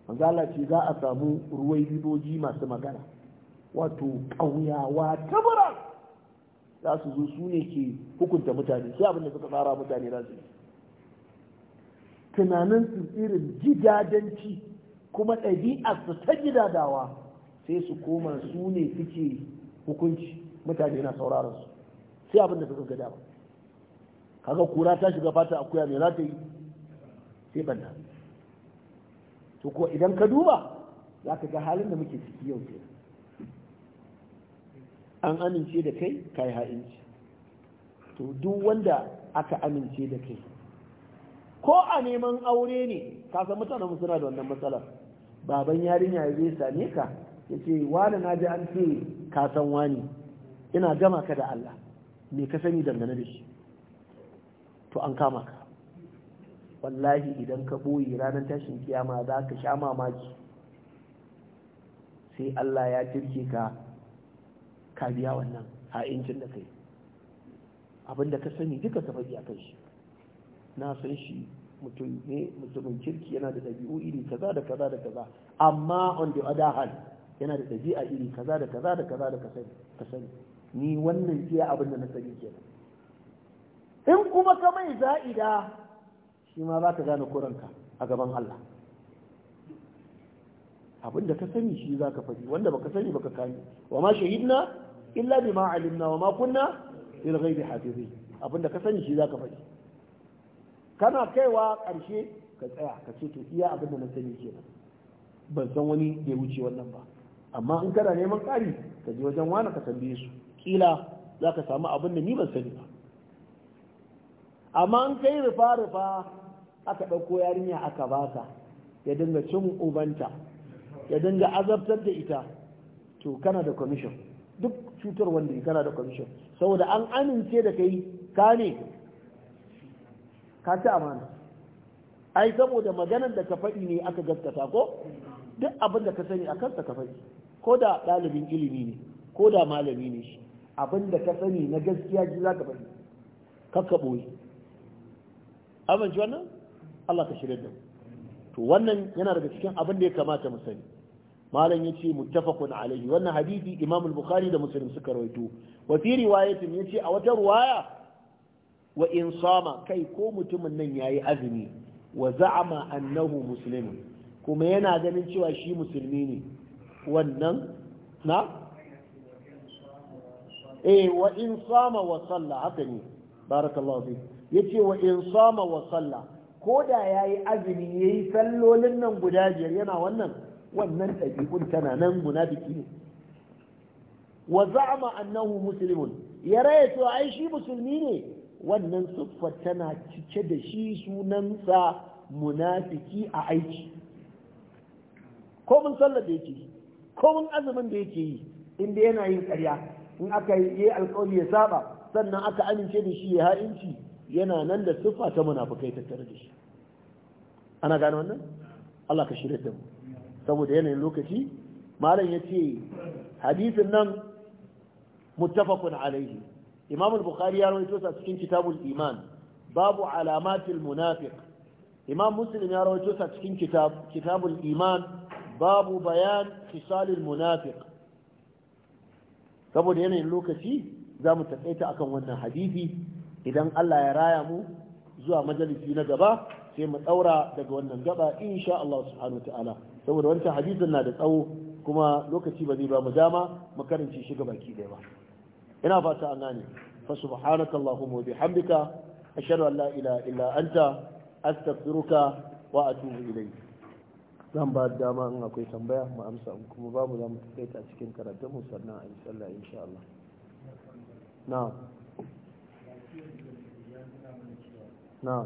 manzo Allah ce za a samu ruwaydoji masu magana wato ƙauyawa tabarak za su zo su ne ke hukunta mutane sai abin da suka tsara mutane za su yi tunanin su irin gidadanci kuma ɗabi'ar su ta gidadawa sai su koma su ne suke hukunci mutane na sauraron su sai abin da suka gada ba kaga kura ta shiga fata akuya me za ta yi sai banta to ko idan ka duba za ka ga halin da muke ciki yau kenan an amince da kai ka yi ha'inci to duk wanda aka amince da kai ko a neman aure ne ka san mutanen suna da wannan matsalar baban yarinya ya zai same ka ya ce wani na ji an ce ka san wani ina gama ka da Allah me ka sani dangane da shi to an kama ka wallahi idan ka boye ranar tashin kiyama za ka sha mamaki sai Allah ya tirke ka ka biya wannan ha'incin da kai abin da ka sani duka ka faɗi a kan shi na san shi mutum ne mutumin kirki yana da ɗabi'u iri kaza da kaza da kaza amma on the other hand yana da ɗabi'a iri kaza da kaza da kaza da ka sani ni wannan iya abin da na sani kenan in kuma ka mai za'ida shi ma za ka gane kuranka a gaban Allah abin da ka sani shi za ka faɗi wanda baka sani baka kani wa ma shahidna illa bima alimna wa ma kunna lil ghaibi hafizin abinda ka sani shi zaka faɗi kana kaiwa ƙarshe ka tsaya ka ce to iya abinda na sani kenan ban san wani bai wuce wannan ba amma in kana neman ƙari ka je wajen wani ka tambaye su kila zaka samu abin da ni ban sani ba amma in kai rufa rufa aka ɗauko yarinya aka baka ya dinga cin ubanta ya dinga azabtar da ita to kana da commission duk cutar wanda ya kana da commission saboda an amince da kai ka ne ka ci amana ai saboda maganar da ka faɗi ne aka gaskata ko duk abin da ka sani a kansa ka faɗi ko da ɗalibin ilimi ne ko da malami ne shi abin da ka sani na gaskiya ji za ka faɗi kakka ɓoye amince wannan Allah ka shirya da to wannan yana daga cikin abin da ya kamata mu sani malam yace muttafaqun alaihi wannan hadisi imam al-bukhari da muslim suka rawaito wa fi riwayatin yace a wata ruwaya? wa in sama kai ko mutumin nan yayi azumi wa za'ama annahu muslimun kuma yana ganin cewa shi musulmi ne wannan na eh wa in sama wa salla haka ne barakallahu fi yace wa in sama wa salla ko da yayi azumi yayi sallolin nan guda biyar yana wannan wannan ɗabi'un tana nan munafiki ne wa za'ama annahu muslimun ya raya to ai shi musulmi ne wannan suffa tana cike da shi sunan sa munafiki a aiki ko mun sallar da yake ko mun azumin da yake yi inda yana yin ƙarya in aka yi alƙawari ya saba sannan aka amince da shi ya ha'inci yana nan da siffa ta munafukai tattare da shi ana gano wannan Allah ka shirya da mu saboda yanayin lokaci malam ya ce hadisin nan muttafaqun alaihi imam al-bukhari ya rawaito sa cikin kitabul iman babu alamatil munafiq imam muslim ya rawaito sa cikin kitab kitabul iman babu bayan khisalil munafiq saboda yanayin lokaci za mu taƙaita akan wannan hadisi idan Allah ya raya mu zuwa majalisi na gaba sai mu ɗaura daga wannan gaba insha Allah subhanahu wa ta'ala saboda wancan hadisin na da tsawo kuma lokaci ba zai ba mu dama mu karanci shi ga baki ɗaya ba ina fata an gane fa subhanaka allahumma wa bihamdika ashhadu an la ilaha illa anta astaghfiruka wa atubu ilayk zan ba dama in akwai tambaya mu amsa kuma babu za mu tafi cikin karatun mu sannan a sallah insha Allah na'am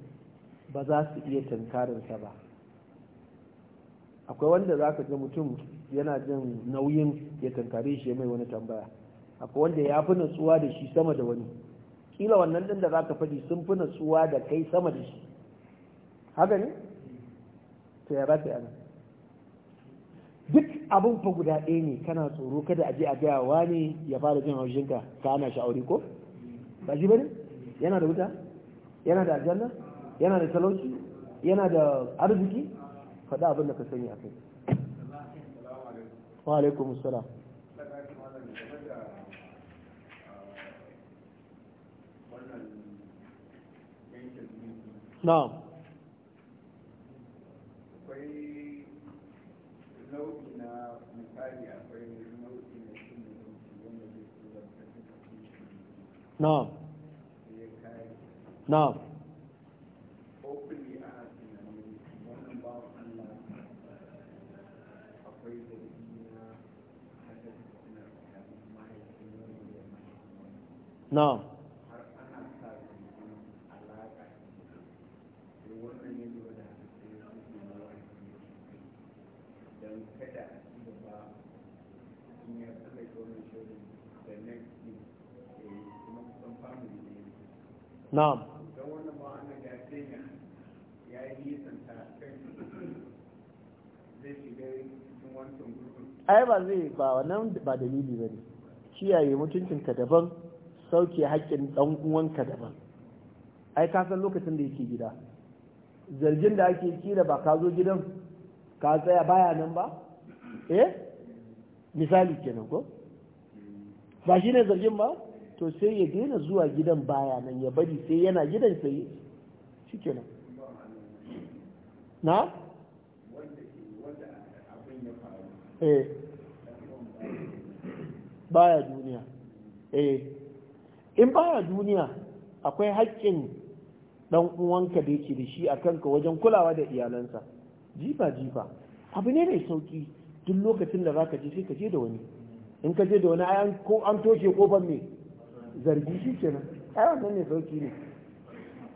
ba za su iya tankarinsa ba akwai wanda za ka ga mutum yana jin nauyin ya tankare shi mai wani tambaya akwai wanda ya fi natsuwa da shi sama da wani kila wannan din da za ka faɗi sun fi natsuwa da kai sama da shi haka ne to ya ta ana duk abin fa guda ɗaya ne kana tsoro kada a je a gaya wa ne ya fara jin haushinka ka ana shi aure ko ba shi bane yana da wuta yana da aljanna yana da talauci yana da arziki faɗa abin da ka sani a kai wa alaikum assalam na'am akwai nau'i na misali akwai nau'i na cin wanda zai na'am na'am na'am na'am ai ba zai ba wannan ba dalili ba ne kiyaye mutuncinka daban sauke haƙƙin ɗan uwanka daban ai ka san lokacin da yake gida zargin da ake da ba ka zo gidan ka tsaya baya nan ba eh misali kenan ko ba shi ne zargin ba to sai ya daina zuwa gidan baya nan ya bari sai yana gidan sai shi kenan na? eh baya duniya eh in baya duniya akwai haƙƙin ɗan uwanka da yake da shi a kanka wajen kulawa da iyalansa jifa jifa abu ne mai sauƙi duk lokacin da zaka je sai ka je da wani in ka je da wani ko an toshe kofar me zargi shi kenan ai ne sauƙi ne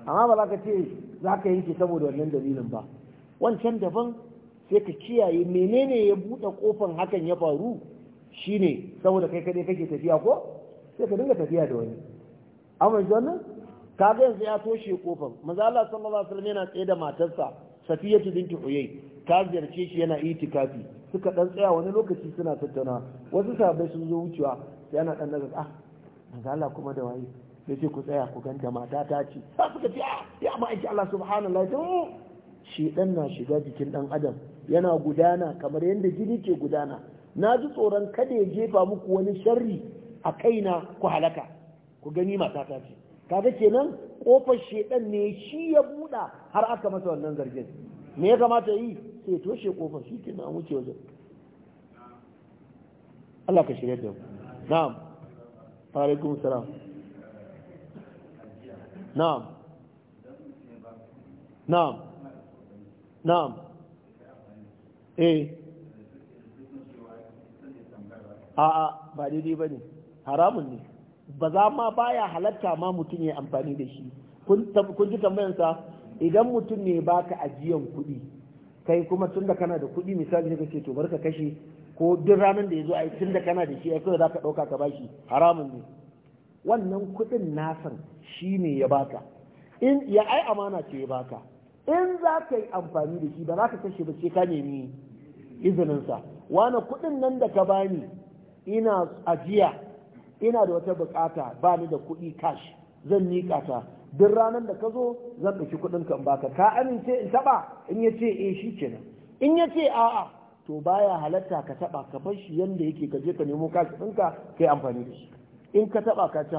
amma ba za ka ce za ka yanke saboda wannan dalilin ba wancan daban sai ka kiyaye menene ya buɗe kofan hakan ya faru shine saboda kai kadai kake tafiya ko sai ka dinga tafiya da wani amma wannan kaga yanzu ya toshe kofar manzo Allah sallallahu alaihi wasallam yana tsaye da matarsa Safiyatu binti Uyay ta ziyarce shi yana itikafi suka dan tsaya wani lokaci suna tattauna wasu sahabbai sun zo wucewa sai ana dan nazar ah manzo Allah kuma da waye sai ku tsaya ku ganta mata ta ce sai suka ce ah ya ma'aiki Allah subhanallahi to oh. shi dan na shiga jikin dan adam yana gudana kamar yadda jini ke gudana na ji tsoron kada ya jefa muku wani sharri a kaina ku halaka ku gani mata ta ce kaga kenan kofar shedan ne shi ya buda har aka masa wannan zargin me ya kamata yi sai toshe kofar shi ke na wuce wajen Allah ka shirya da mu na'am alaikum salam na'am na'am na'am eh a'a ba daidai ba ne haramun ne ba za ma baya halatta ma mutum ya amfani da shi kun ji tambayansa idan mutum ne baka ajiyan kuɗi kai kuma tunda kana da kuɗi misali ka kace to barka kashe ko duk ranar da ya zo a tunda kana da shi ai kawai zaka ɗauka ka bashi haramun ne wannan kuɗin nasan shi ne ya baka in ya ai amana ce ya baka in za ka yi amfani da shi ba za ka kashe ba ce ka nemi izininsa wani kuɗin nan da ka bani ina ajiya ina da wata bukata ba ni da kuɗi cash zan miƙa ta duk ranar da ka zo zan ɗauki kuɗin kan baka ka amince in taɓa in ya ce eh shi kenan in ya ce a'a to baya halatta ka taɓa ka bar shi yanda yake ka je ka nemo cash ɗinka kai amfani da shi in ka taɓa ka ci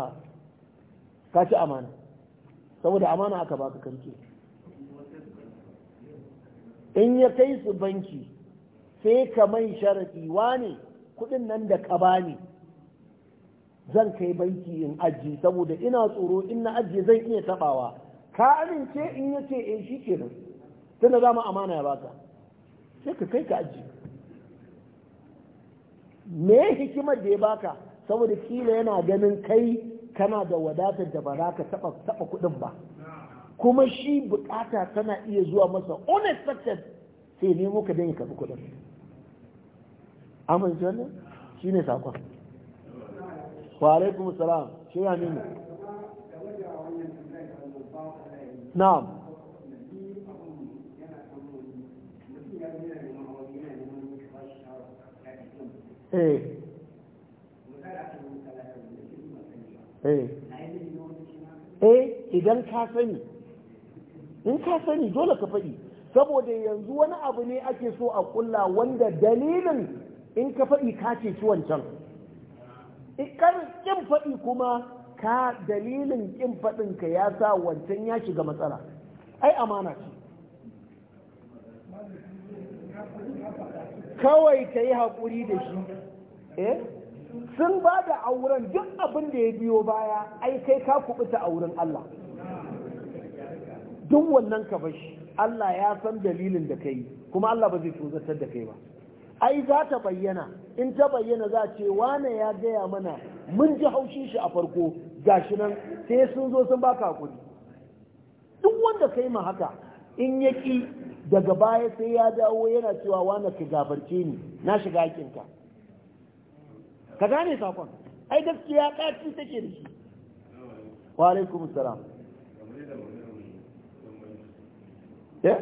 ka ci amana saboda amana aka baka karke in ya kai su banki sai ka mai sharaɗi wane kuɗin nan da ka bani zan kai banki in aji saboda ina tsoro in na aji zan iya tabawa ka amince in yace eh shi nan tunda za mu amana ya baka sai ka kai ka aji me hikimar da ya baka saboda kila yana ganin kai kana da wadatar da ba za ka taba taba kudin ba kuma shi bukata tana iya zuwa masa unexpected sai nemo ka dan ya karbi kudin amince wannan shine sakon wa السلام salam يعني ya ايه na'am ايه eh. Eh. eh idan ka sani in ka sani faɗi saboda yanzu wani abu ne ake so a kulla wanda dalilin in ka faɗi ka ci wancan ƙin faɗi kuma ka dalilin ƙin ka ya sa wancan ya shiga matsala ai amana ce kawai ka yi haƙuri da shi eh sun ba da auren duk abin da ya biyo baya ai kai ka kubuta auren Allah duk wannan ka bashi Allah ya san dalilin da ka yi kuma Allah ba zai tsozatar da kai ba ai za ta bayyana in ta bayyana za ce wane ya gaya mana mun ji haushin shi a farko gashi nan sai sun zo sun baka hakuri duk wanda kai ma haka in ya ki daga baya sai ya dawo yana cewa wane ka gafarce ni na shiga hakinka ka gane sakon ai gaskiya kaci take da shi wa alaikum salam eh?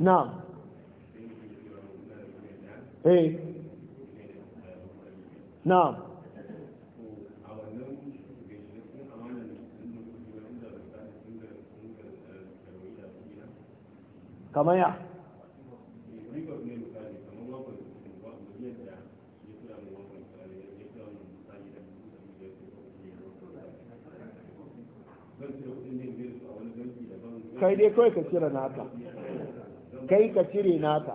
na'am eh na'am kamar ya kai dai kawai ka cire nata. kai ka cire nata.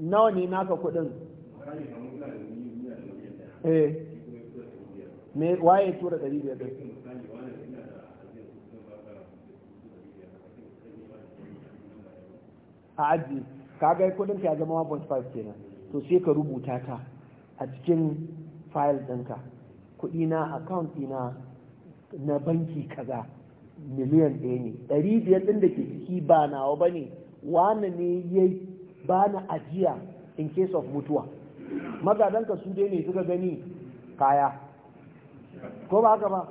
nawa ne naka kuɗin eh me waye tura ɗari biyar ɗin a aji kaga kudin ka ya zama 1.5 kenan to sai ka rubuta ta a cikin fayil ɗinka kuɗi na account ɗina na banki kaza miliyan ɗaya ne ɗari biyar ɗin da ke ciki ba nawa ba ne wane ne ya ba na ajiya in case of mutuwa magadanka su dai ne suka gani kaya ko ba haka ba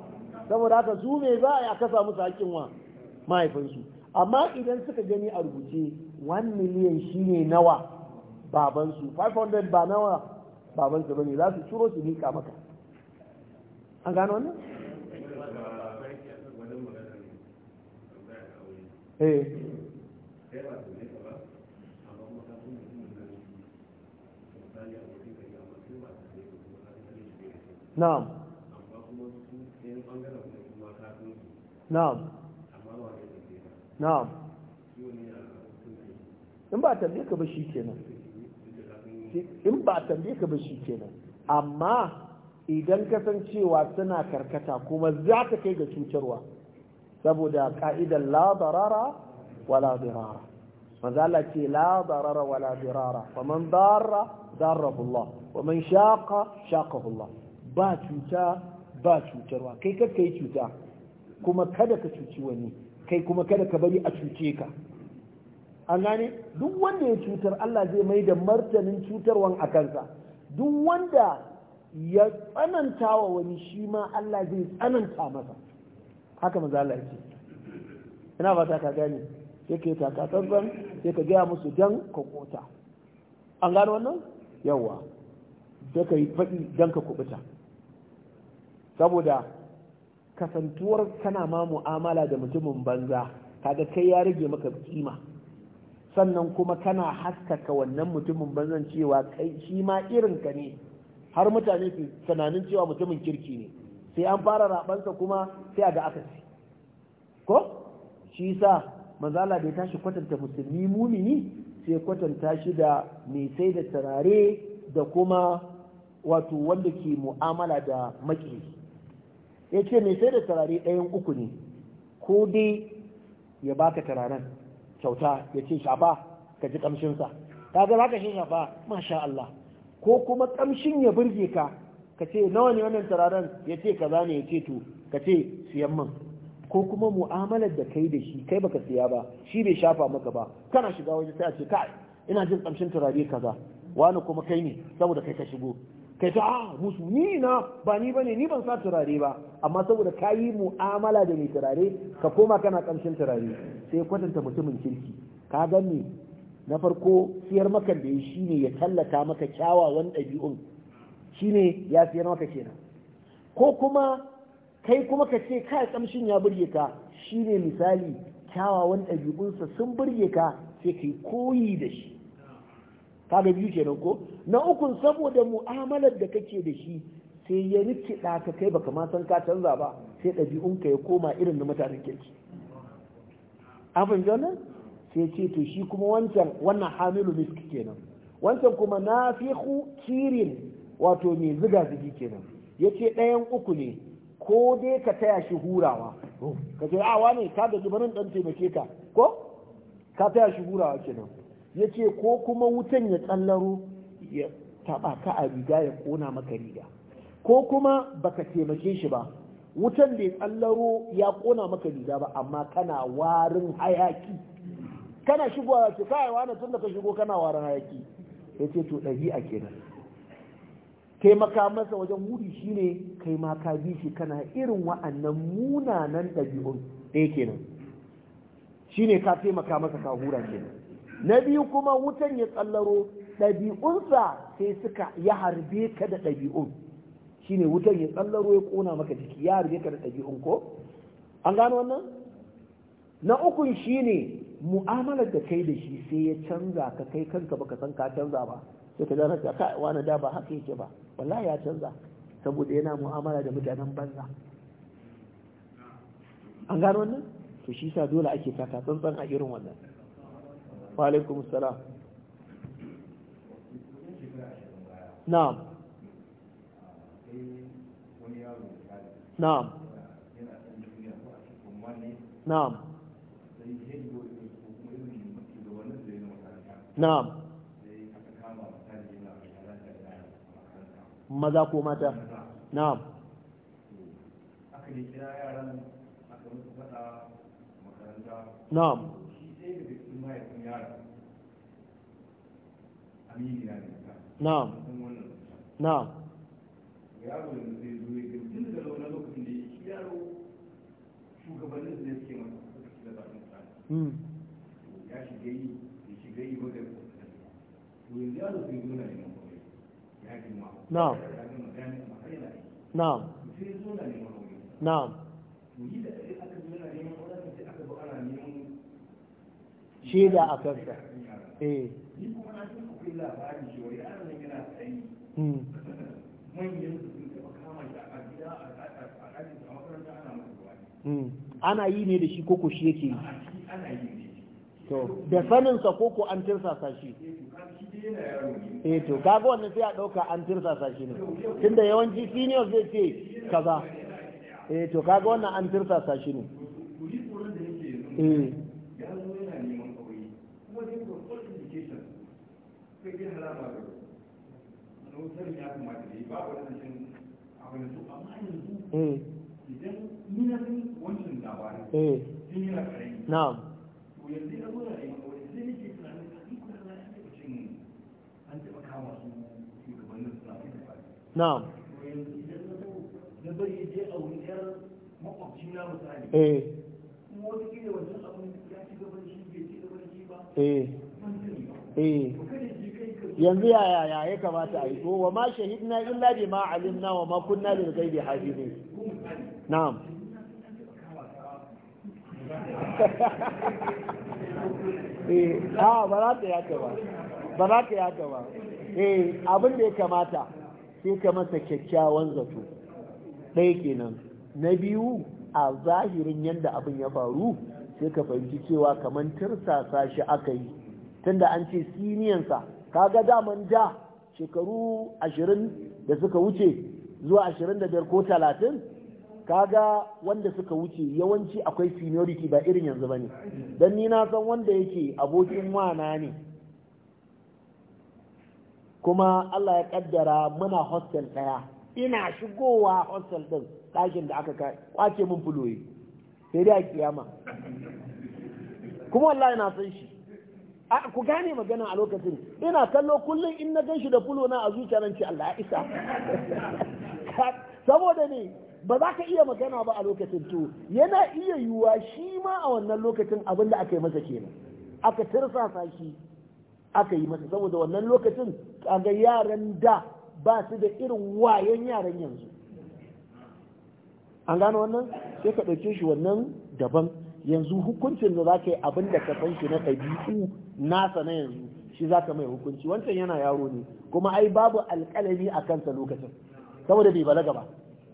saboda haka su me za a kasa musu hakkin wa mahaifinsu amma idan suka gani a rubuce 1 miliyan shine nawa babansu 500 ba nawa babansu ne za su ciro su nika maka an gano wannan eh na'am na'am na'am in ba tambaye ka ba shi kenan in ba tambaye ka ba shi kenan amma idan kasancewa suna karkata kuma za ta kai ga cutarwa saboda ka'idar la darara wala dirara manzo Allah ce la darara wala dirara wa man darra darrahu Allah wa man shaqa Allah ba cuta ba cutarwa kai kakka yi cuta kuma kada ka cuci wani kai kuma kada ka bari a cuce ka an gane duk wanda ya cutar Allah zai mai da martanin cutarwan a kansa duk wanda ya tsananta wa wani shi ma Allah zai tsananta masa haka maza Allah ce ina ba ta ka gane sai ka yi takatsantsan sai ka gaya musu don kokota an gano wannan yawa sai ka yi faɗi dan ka kubuta saboda kasantuwar kana ma mu'amala da mutumin banza kaga kai ya rage maka kima sannan kuma kana haskaka wannan mutumin banzan cewa kai shi ma irin ka ne har mutane su tunanin cewa mutumin kirki ne sai an fara rabansa kuma sai a ga akasi ko shi sa, manzala bai tashi kwatanta musulmi mumini sai kwatanta shi da mai sai da tarare da kuma wato wanda ke mu'amala da maƙiyi ya ce mai sai da turare ɗayan uku ne ko dai ya baka turaren kyauta ya ce shafa ka ji kamshinsa Ta ga baka shi shafa masha Allah ko kuma kamshin ya burge ka ka ce nawa ne wannan turaren ya ce kaza ne ya ce to ka ce siyan man. ko kuma mu'amalar da kai da shi kai baka siya ba shi bai shafa maka ba kana shiga waje sai a ce kai ina jin kamshin turare kaza wani kuma kai ne saboda kai ka shigo kai ta ah musu na ba ni bane ni ban sa turare ba amma saboda ka yi mu'amala da mai turare ka koma kana kamshin turare sai kwatanta mutumin kirki ka ga me na farko siyar maka da ya ne ya tallata maka kyawawan ɗabi'un shi ne ya siyar maka kenan ko kuma kai kuma ka ce kai kamshin ya burge ka shi ne misali kyawawan ɗabi'unsa sun burge ka sai kai koyi da shi kaga biyu kenan ko na ukun saboda mu'amalar da kake da shi sai ya da ka kai baka ma san ka canza ba sai ɗabi'unka ya koma irin na mutanen kirki abin jana sai ce to shi kuma wancan wannan hamilu miski kenan wancan kuma nafihu kirin wato mai ziga zigi kenan yace ɗayan uku ne ko dai ka taya shi hurawa oh, ka ce a wane ka da zubarin dan taimake ka ko ka taya shi hurawa kenan ya ce ko kuma wutan ya tsallaro ya taba ka a riga ya kona maka riga ko kuma baka taimake shi ba wutan da ya tsallaro ya kona maka riga ba amma kana warin hayaki kana shigowa ce kai wani tun da ka shigo kana warin hayaki ya ce to ɗabi'a kenan taimaka masa wajen wuri shine kai ma ka bi shi kana irin wa'annan munanan ɗabi'un ɗaya kenan shine ka taimaka masa ka hura kenan na biyu kuma wutan ya tsallaro ɗabi'unsa sai suka ya harbe ka da ɗabi'un shine wutan ya tsallaro ya ƙuna maka jiki ya harbe ka da ɗabi'un ko an gano wannan na ukun shine mu'amalar da kai da shi sai ya canza ka kai kanka baka san ka canza ba sai ka gane ka kai wani da ba haka yake ba wallahi ya canza saboda yana mu'amala da mutanen banza an gano wannan to shi sa dole ake taka tsantsan a irin wannan وعليكم السلام نعم نعم نعم نعم ماذا قمت نعم نعم mahaifin yaron amini na'am na'am yaro zai zo ya gani tun daga wani lokacin da shi yaro shugabannin da suke masa suka hmm. ya shiga yi ya shiga yi ba da yanzu yaro zai zo na neman ya girma na'am ya har yana yi na'am sai zo na neman na'am yi da aka zo na neman shaida a kansa eh. hmm. Hmm. ana yi ne da shi koko shi yake yi da saninsa koko an tirsasa shi eh to kaga wannan sai a ɗauka an tirsasa shi ne tunda yawanci senior zai ce kaza eh to kaga wannan an tirsasa shi ne eh ko ya kamata da yi ba wani abin su amma yanzu eh. idan na wancan labarin sun yi rakarai to yanzu ya zo da maka wani sai tunanin a an taɓa kama su shugabannin fi da to yanzu idan na zo na bari je a wani yar makwabci na misali eh. kuma wata kila wancan abin ya ci gaba da shi bai ci gaba da shi ba eh eh yanzu yaya ya ya kamata a yi to wa ma shahidna illa bi ma alimna wa ma kunna lil ghaibi hafizin na'am eh a ba za ta barata ba ba za ba eh abin da ya kamata sai ka masa kyakkyawan zato dai kenan na biyu a zahirin yadda abin ya faru sai ka fahimci cewa kamar tirsasa shi aka yi tunda an ce siniyansa kaga daman da shekaru ashirin da suka wuce zuwa ashirin da biyar ko talatin kaga wanda suka wuce yawanci akwai seniority ba irin yanzu ba ne don ni na san wanda yake abokin wana ne kuma Allah ya kaddara muna hostel ɗaya ina shigowa hostel ɗin ɗakin da aka kwace min fuloyi sai dai a kiyama kuma wallahi na san shi ku gane magana a lokacin ina kallo kullum in na gan shi da fulo na a zuciya nan ce Allah ya isa saboda ne ba za ka iya magana ba a lokacin to yana iya yiwuwa shi ma a wannan lokacin abin da aka yi masa kenan aka tirsasa shi aka yi masa saboda wannan lokacin kaga yaran da ba su da irin wayan yaran yanzu an gano wannan sai ka ɗauke shi wannan daban yanzu hukuncin da za ka yi abin da ka san shi na ɗabi'u nasa na yanzu shi za ka mai hukunci wancan yana yaro ne kuma ai babu alƙalami a kansa lokacin saboda bai balaga ba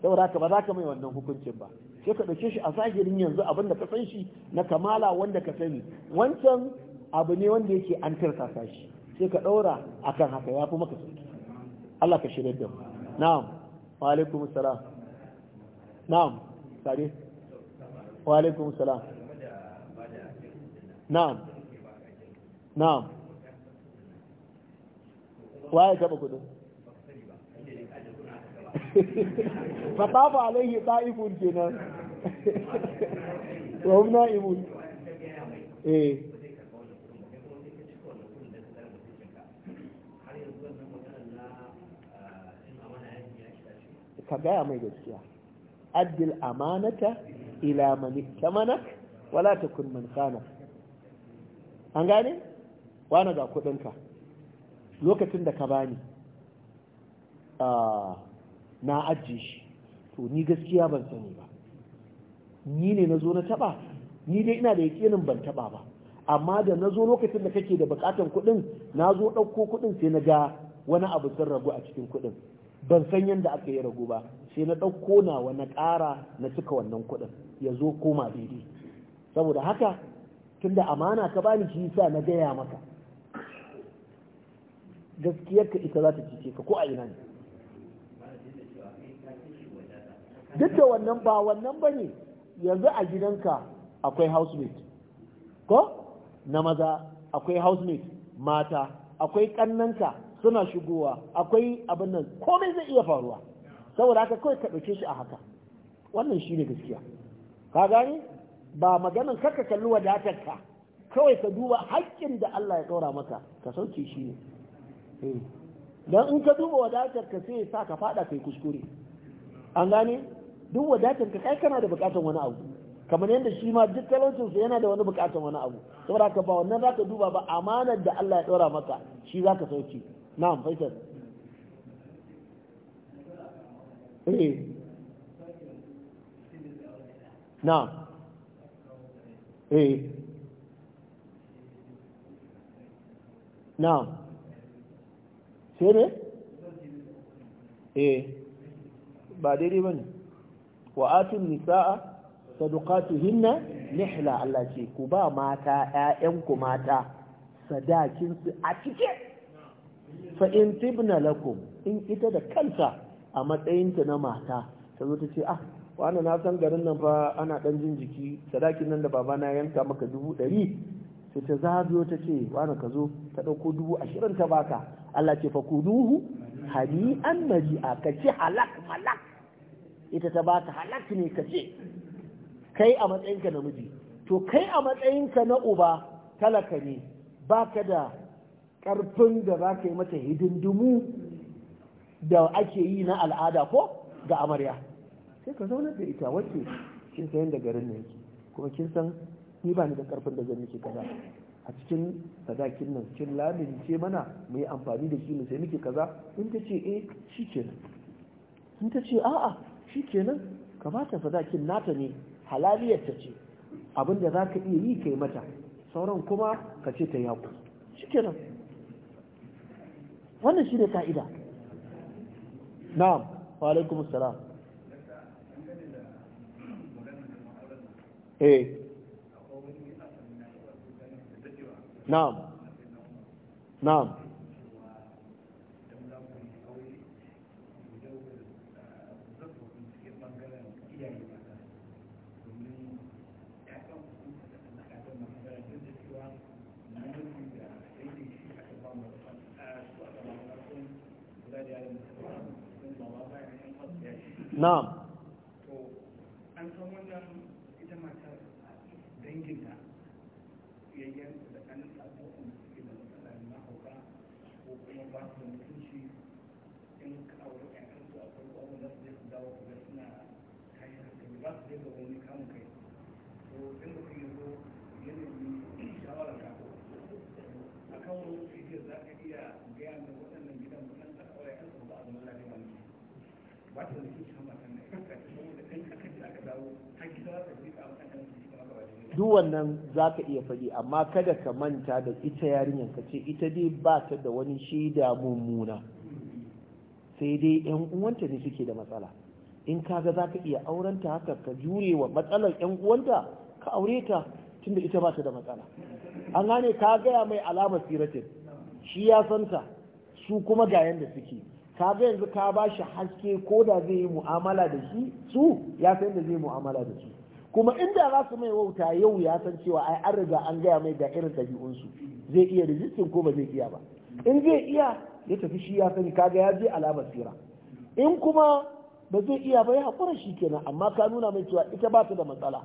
saboda haka ba za ka mai wannan hukuncin ba sai ka ɗauke shi a zahirin yanzu abin da ka san shi na kamala wanda ka sani wancan abu ne wanda yake an tirsasa shi sai ka ɗaura kan haka ya fi maka sauki Allah ka shirya da mu na'am wa alaikum salam na'am sare wa alaikum salam na'am نعم وايه تبقى كده فطاب عليه طائف الجنان وهم نائمون ايه كجاية ما يجزيها أدي الأمانة إلى من اتمنك ولا تكن من خانك هنقالي؟ wani ga kudinka lokacin da ka bani na ajiye shi to ni gaskiya ban sani ba ni ne na zo na taba ni dai ina da yakinin ban taba ba amma da na zo lokacin da kake da bukatan kudin na zo ɗauko kudin sai na ga wani abu sun ragu a cikin kudin ban san yadda aka yi ragu ba sai na ɗauko nawa na ƙara na cika wannan kudin ya zo koma daidai saboda haka tunda amana ka bani shi sa na gaya maka gaskiyar ka ita za ta cike ka ko a ina ne duk da wannan ba wannan ba ne yanzu a gidanka akwai housemate ko na maza akwai housemate mata akwai kannanka suna shigowa akwai abin nan komai zai iya faruwa saboda haka kawai ka ɗauke shi a haka wannan shi ne gaskiya ka gani ba maganin karka kalli wadatarka kawai ka duba haƙƙin da Allah ya ɗora maka ka sauke shi ne Eh. don in ka duba wadatar ka sai sa ka fada kai kuskure an gane duk wadatar ka kai kana da bukatar wani abu kamar yadda shi ma duk talautin talaucin yana da wani bukatar wani abu saboda ka ba wannan zaka duba ba amanar da Allah ya dora maka shi zaka sauke na'am faisal eh na'am eh na'am sai ne eh ba daidai ba ne wa atun nisa'a hinna nihla Allah ce ku ba mata ƴaƴanku mata sadakin su a cike fa in tibna lakum in ita da kanta a matsayinta na mata ta zo ta ce ah wani na san garin nan fa ana ɗan jin jiki sadakin nan da babana yanka maka dubu ɗari sai ta zabiyo ta ce wani ka zo ta ɗauko dubu ashirin ta baka Allah ce fakuduhu hadi an maji'a ka ce halak malak ita ta baka halak ne ka ce kai a matsayinka namiji to kai a matsayinka na uba talaka ne ba ka da ƙarfin da za ka yi mata hidindimu da ake yi na al'ada ko ga amarya sai ka zaunar da ita wacce kin san da garin ne kuma kin san ni ba ni da karfin da zan miki kaza a cikin sadakin nan kin ce mana mu yi amfani da shi sai miki kaza in ta ce eh shi kenan. in ta ce a'a shi kenan kamata sadakin nata ne halaliyar ta ce abin da ka iya yi kai mata sauran kuma ka ce ta yaku shikenan wannan shi ne ka'ida na'am wa alaikum salam eh na'am na'am na'am duk wannan za ka iya faɗi amma kada ka manta da ita yarinyar ka ce ita dai ba ta da wani shaida mummuna sai dai yan uwanta ne suke da matsala in kaga za ka iya aurenta haka ka jure wa matsalar yan uwanta ka aure ta tunda ita ba ta da matsala an gane ka gaya mai alamar siratin shi ya santa su kuma ga yanda suke ka ga yanzu ka ba shi haske ko da zai yi mu'amala da shi su ya san da zai mu'amala da su kuma inda za su mai wauta yau ya san cewa ai an riga an gaya mai ga irin ɗabi'unsu zai iya rijistin ko ba zai iya ba in zai iya ya tafi shi ya sani kaga ya je alamar sira in kuma ba zai iya ba ya haƙura shi kenan amma ka nuna mai cewa ita ba ta da matsala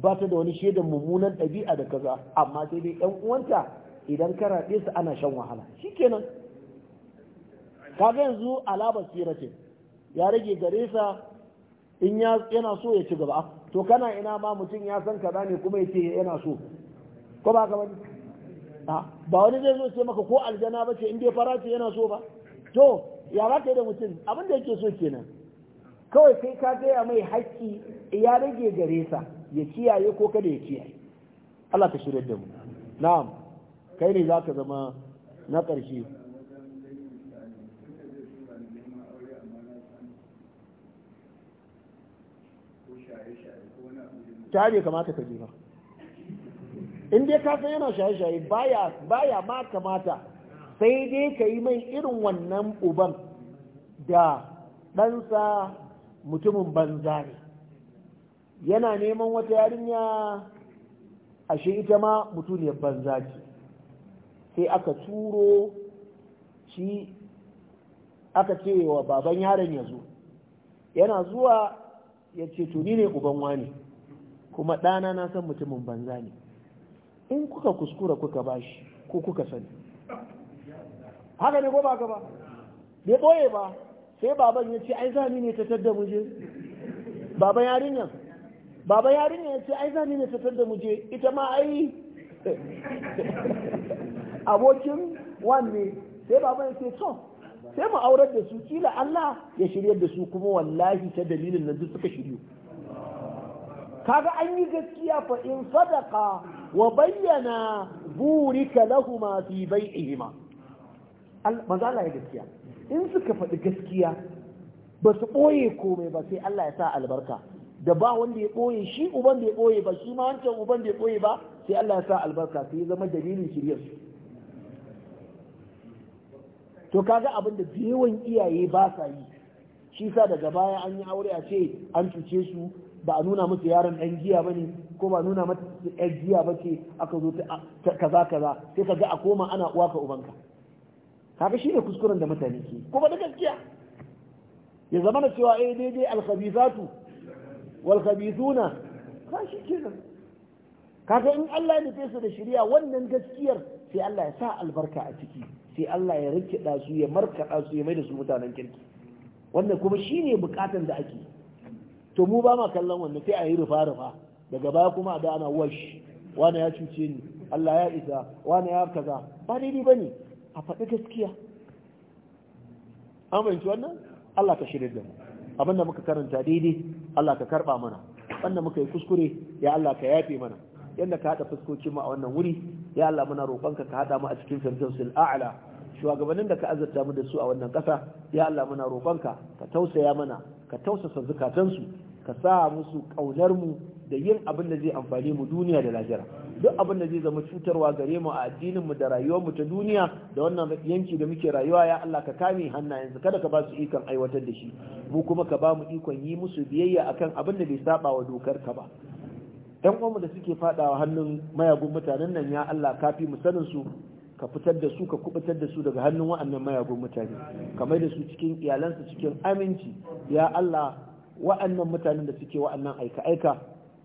ba ta da wani shaidan mummunan ɗabi'a da kaza amma sai dai uwanta idan ka raɗe su ana shan wahala shi kenan kaga yanzu alamar sira ce ya rage gare sa in ya yana so ya ci gaba ah, to kana ina ma mutum ya san kaza ne kuma yace yana so ko ba ka bani ah, ba wani zai zo ce maka ko aljana ba ce in dai fara yana so ba to ya ba ka da mutum abin da yake so kenan kawai kai ka ya mai haƙƙi ya rage gare sa ya kiyaye ko kada ya kiyaye Allah ka shirya da mu na'am kai ne za ka zama na ƙarshe ta bai kamata ka je ba in dai ka san yana shaye-shaye baya ya ma kamata sai dai ka yi mai irin wannan uban da ɗansa mutumin banza ne yana neman wata yarinya ashe ita ma mutum mutuniyar banza ce sai aka turo shi aka ce wa baban yaron ya zo yana zuwa ya ce to ni ne uban wani kuma ɗana na san mutumin banza ne in kuka kuskura kuka bashi ko kuka sani haka ne ko ba ka ba bai ɓoye ba sai baban ya ce ai zami ne ta tadda muje baban yarinyar baban yarinyar ya ce ai zami ne ta tadda muje ita ma ai abokin wanne sai baban ya ce to sai mu aurar da su kila Allah ya shiryar da su kuma wallahi ta dalilin nan duk suka shiryu kaga an yi gaskiya fa in sadaka wa bayyana burika lahuma fi bai'ihima manzo Allah ya gaskiya in suka faɗi gaskiya ba su ɓoye komai ba sai Allah ya sa albarka da ba wanda ya ɓoye shi uban da ya ɓoye ba shi ma wancan uban da ya ɓoye ba sai Allah ya sa albarka sai ya zama dalilin shiryar to kaga abin da yawan iyaye ba sa yi shi sa daga baya an yi aure a ce an cuce su ba a nuna musu yaron ɗan giya ba ne ko ba nuna mata ɗan giya ba ce aka zo ta kaza kaza sai ka ga a koma ana uwa ka ubanka kaga shi ne kuskuren da mutane ke kuma da gaskiya ya zama na cewa eh daidai alkhabisatu wal khabithuna ka shi kenan kaga in Allah ya nufe su da shari'a wannan gaskiyar sai Allah ya sa albarka a ciki sai Allah ya rikida su ya markaɗa su ya mai da su mutanen kirki wannan kuma shine bukatan da ake to mu ba ma kallon wannan sai a yi rufa rufa daga baya kuma da ana wash wani ya cuce ni Allah ya isa wani ya kaza ba daidai bane a faɗi gaskiya an fahimci wannan Allah ka shirya da mu abin da muka karanta daidai Allah ka karba mana wanda muka yi kuskure ya Allah ka yafe mana yadda ka haɗa fuskokin mu a wannan wuri ya Allah muna roƙonka ka haɗa mu a cikin firdausul a'la shugabannin da ka azurta mu da su a wannan ƙasa ya Allah muna roƙonka ka tausaya mana ka tausasa zukatansu ka sa musu kaunar mu da yin abin da zai amfani mu duniya da lahira duk abin da zai zama cutarwa gare mu a addinin mu da rayuwar mu ta duniya da wannan yanki da muke rayuwa ya Allah ka kame hannayensu kada ka ba su ikon aiwatar da shi mu kuma ka ba mu ikon yi musu biyayya akan abin da bai saba wa dokar ka ba ɗan mu da suke faɗawa hannun mayagun mutanen nan ya Allah ka fi mu sanin su ka fitar da su ka kubutar da su daga hannun wa'annan mayagun mutane kamar da su cikin iyalansa cikin aminci ya Allah wa'annan mutanen da suke wa'annan aika-aika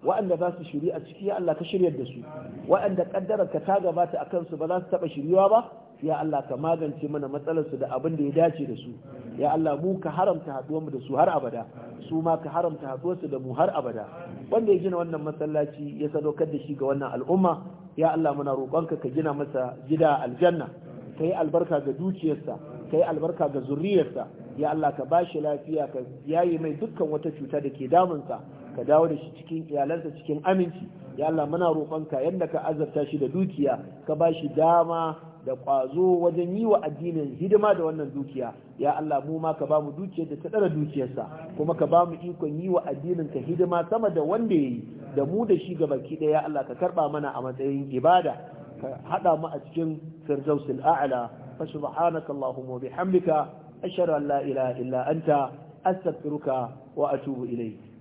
wa'anda za su shiri a ciki ya Allah ka shiryar da su wa'anda kaddarar ka ta gabata akan su ba za su taba shiriwa ba ya Allah ka magance mana matsalarsu da abin da ya dace da su ya Allah mu ka haramta haduwarmu da su har abada su ma ka haramta haduwarsu da mu har abada wanda ya gina wannan masallaci ya sadaukar da shi ga wannan al'umma ya Allah muna roƙonka ka gina masa gida aljanna kai albarka ga dukiyarsa kai albarka ga zuriyarsa ya Allah ka bashi lafiya ka yaye mai dukkan wata cuta da ke damunsa ka dawo da shi cikin iyalansa cikin aminci ya Allah muna roƙonka yadda ka azabta shi da dukiya ka ba shi dama da ƙwazo wajen yi wa addinin hidima da wannan dukiya ya Allah mu ma ka bamu dukiyar da ta ɗara dukiyarsa kuma ka bamu ikon yi wa addinin ka hidima sama da wanda yayi da mu da shi gabaki ɗaya ya Allah ka karɓa mana a matsayin ibada ka haɗa mu a cikin firdausil a'la fa subhanaka allahumma bihamdika ashhadu an la ilaha illa anta astaghfiruka wa atubu ilayk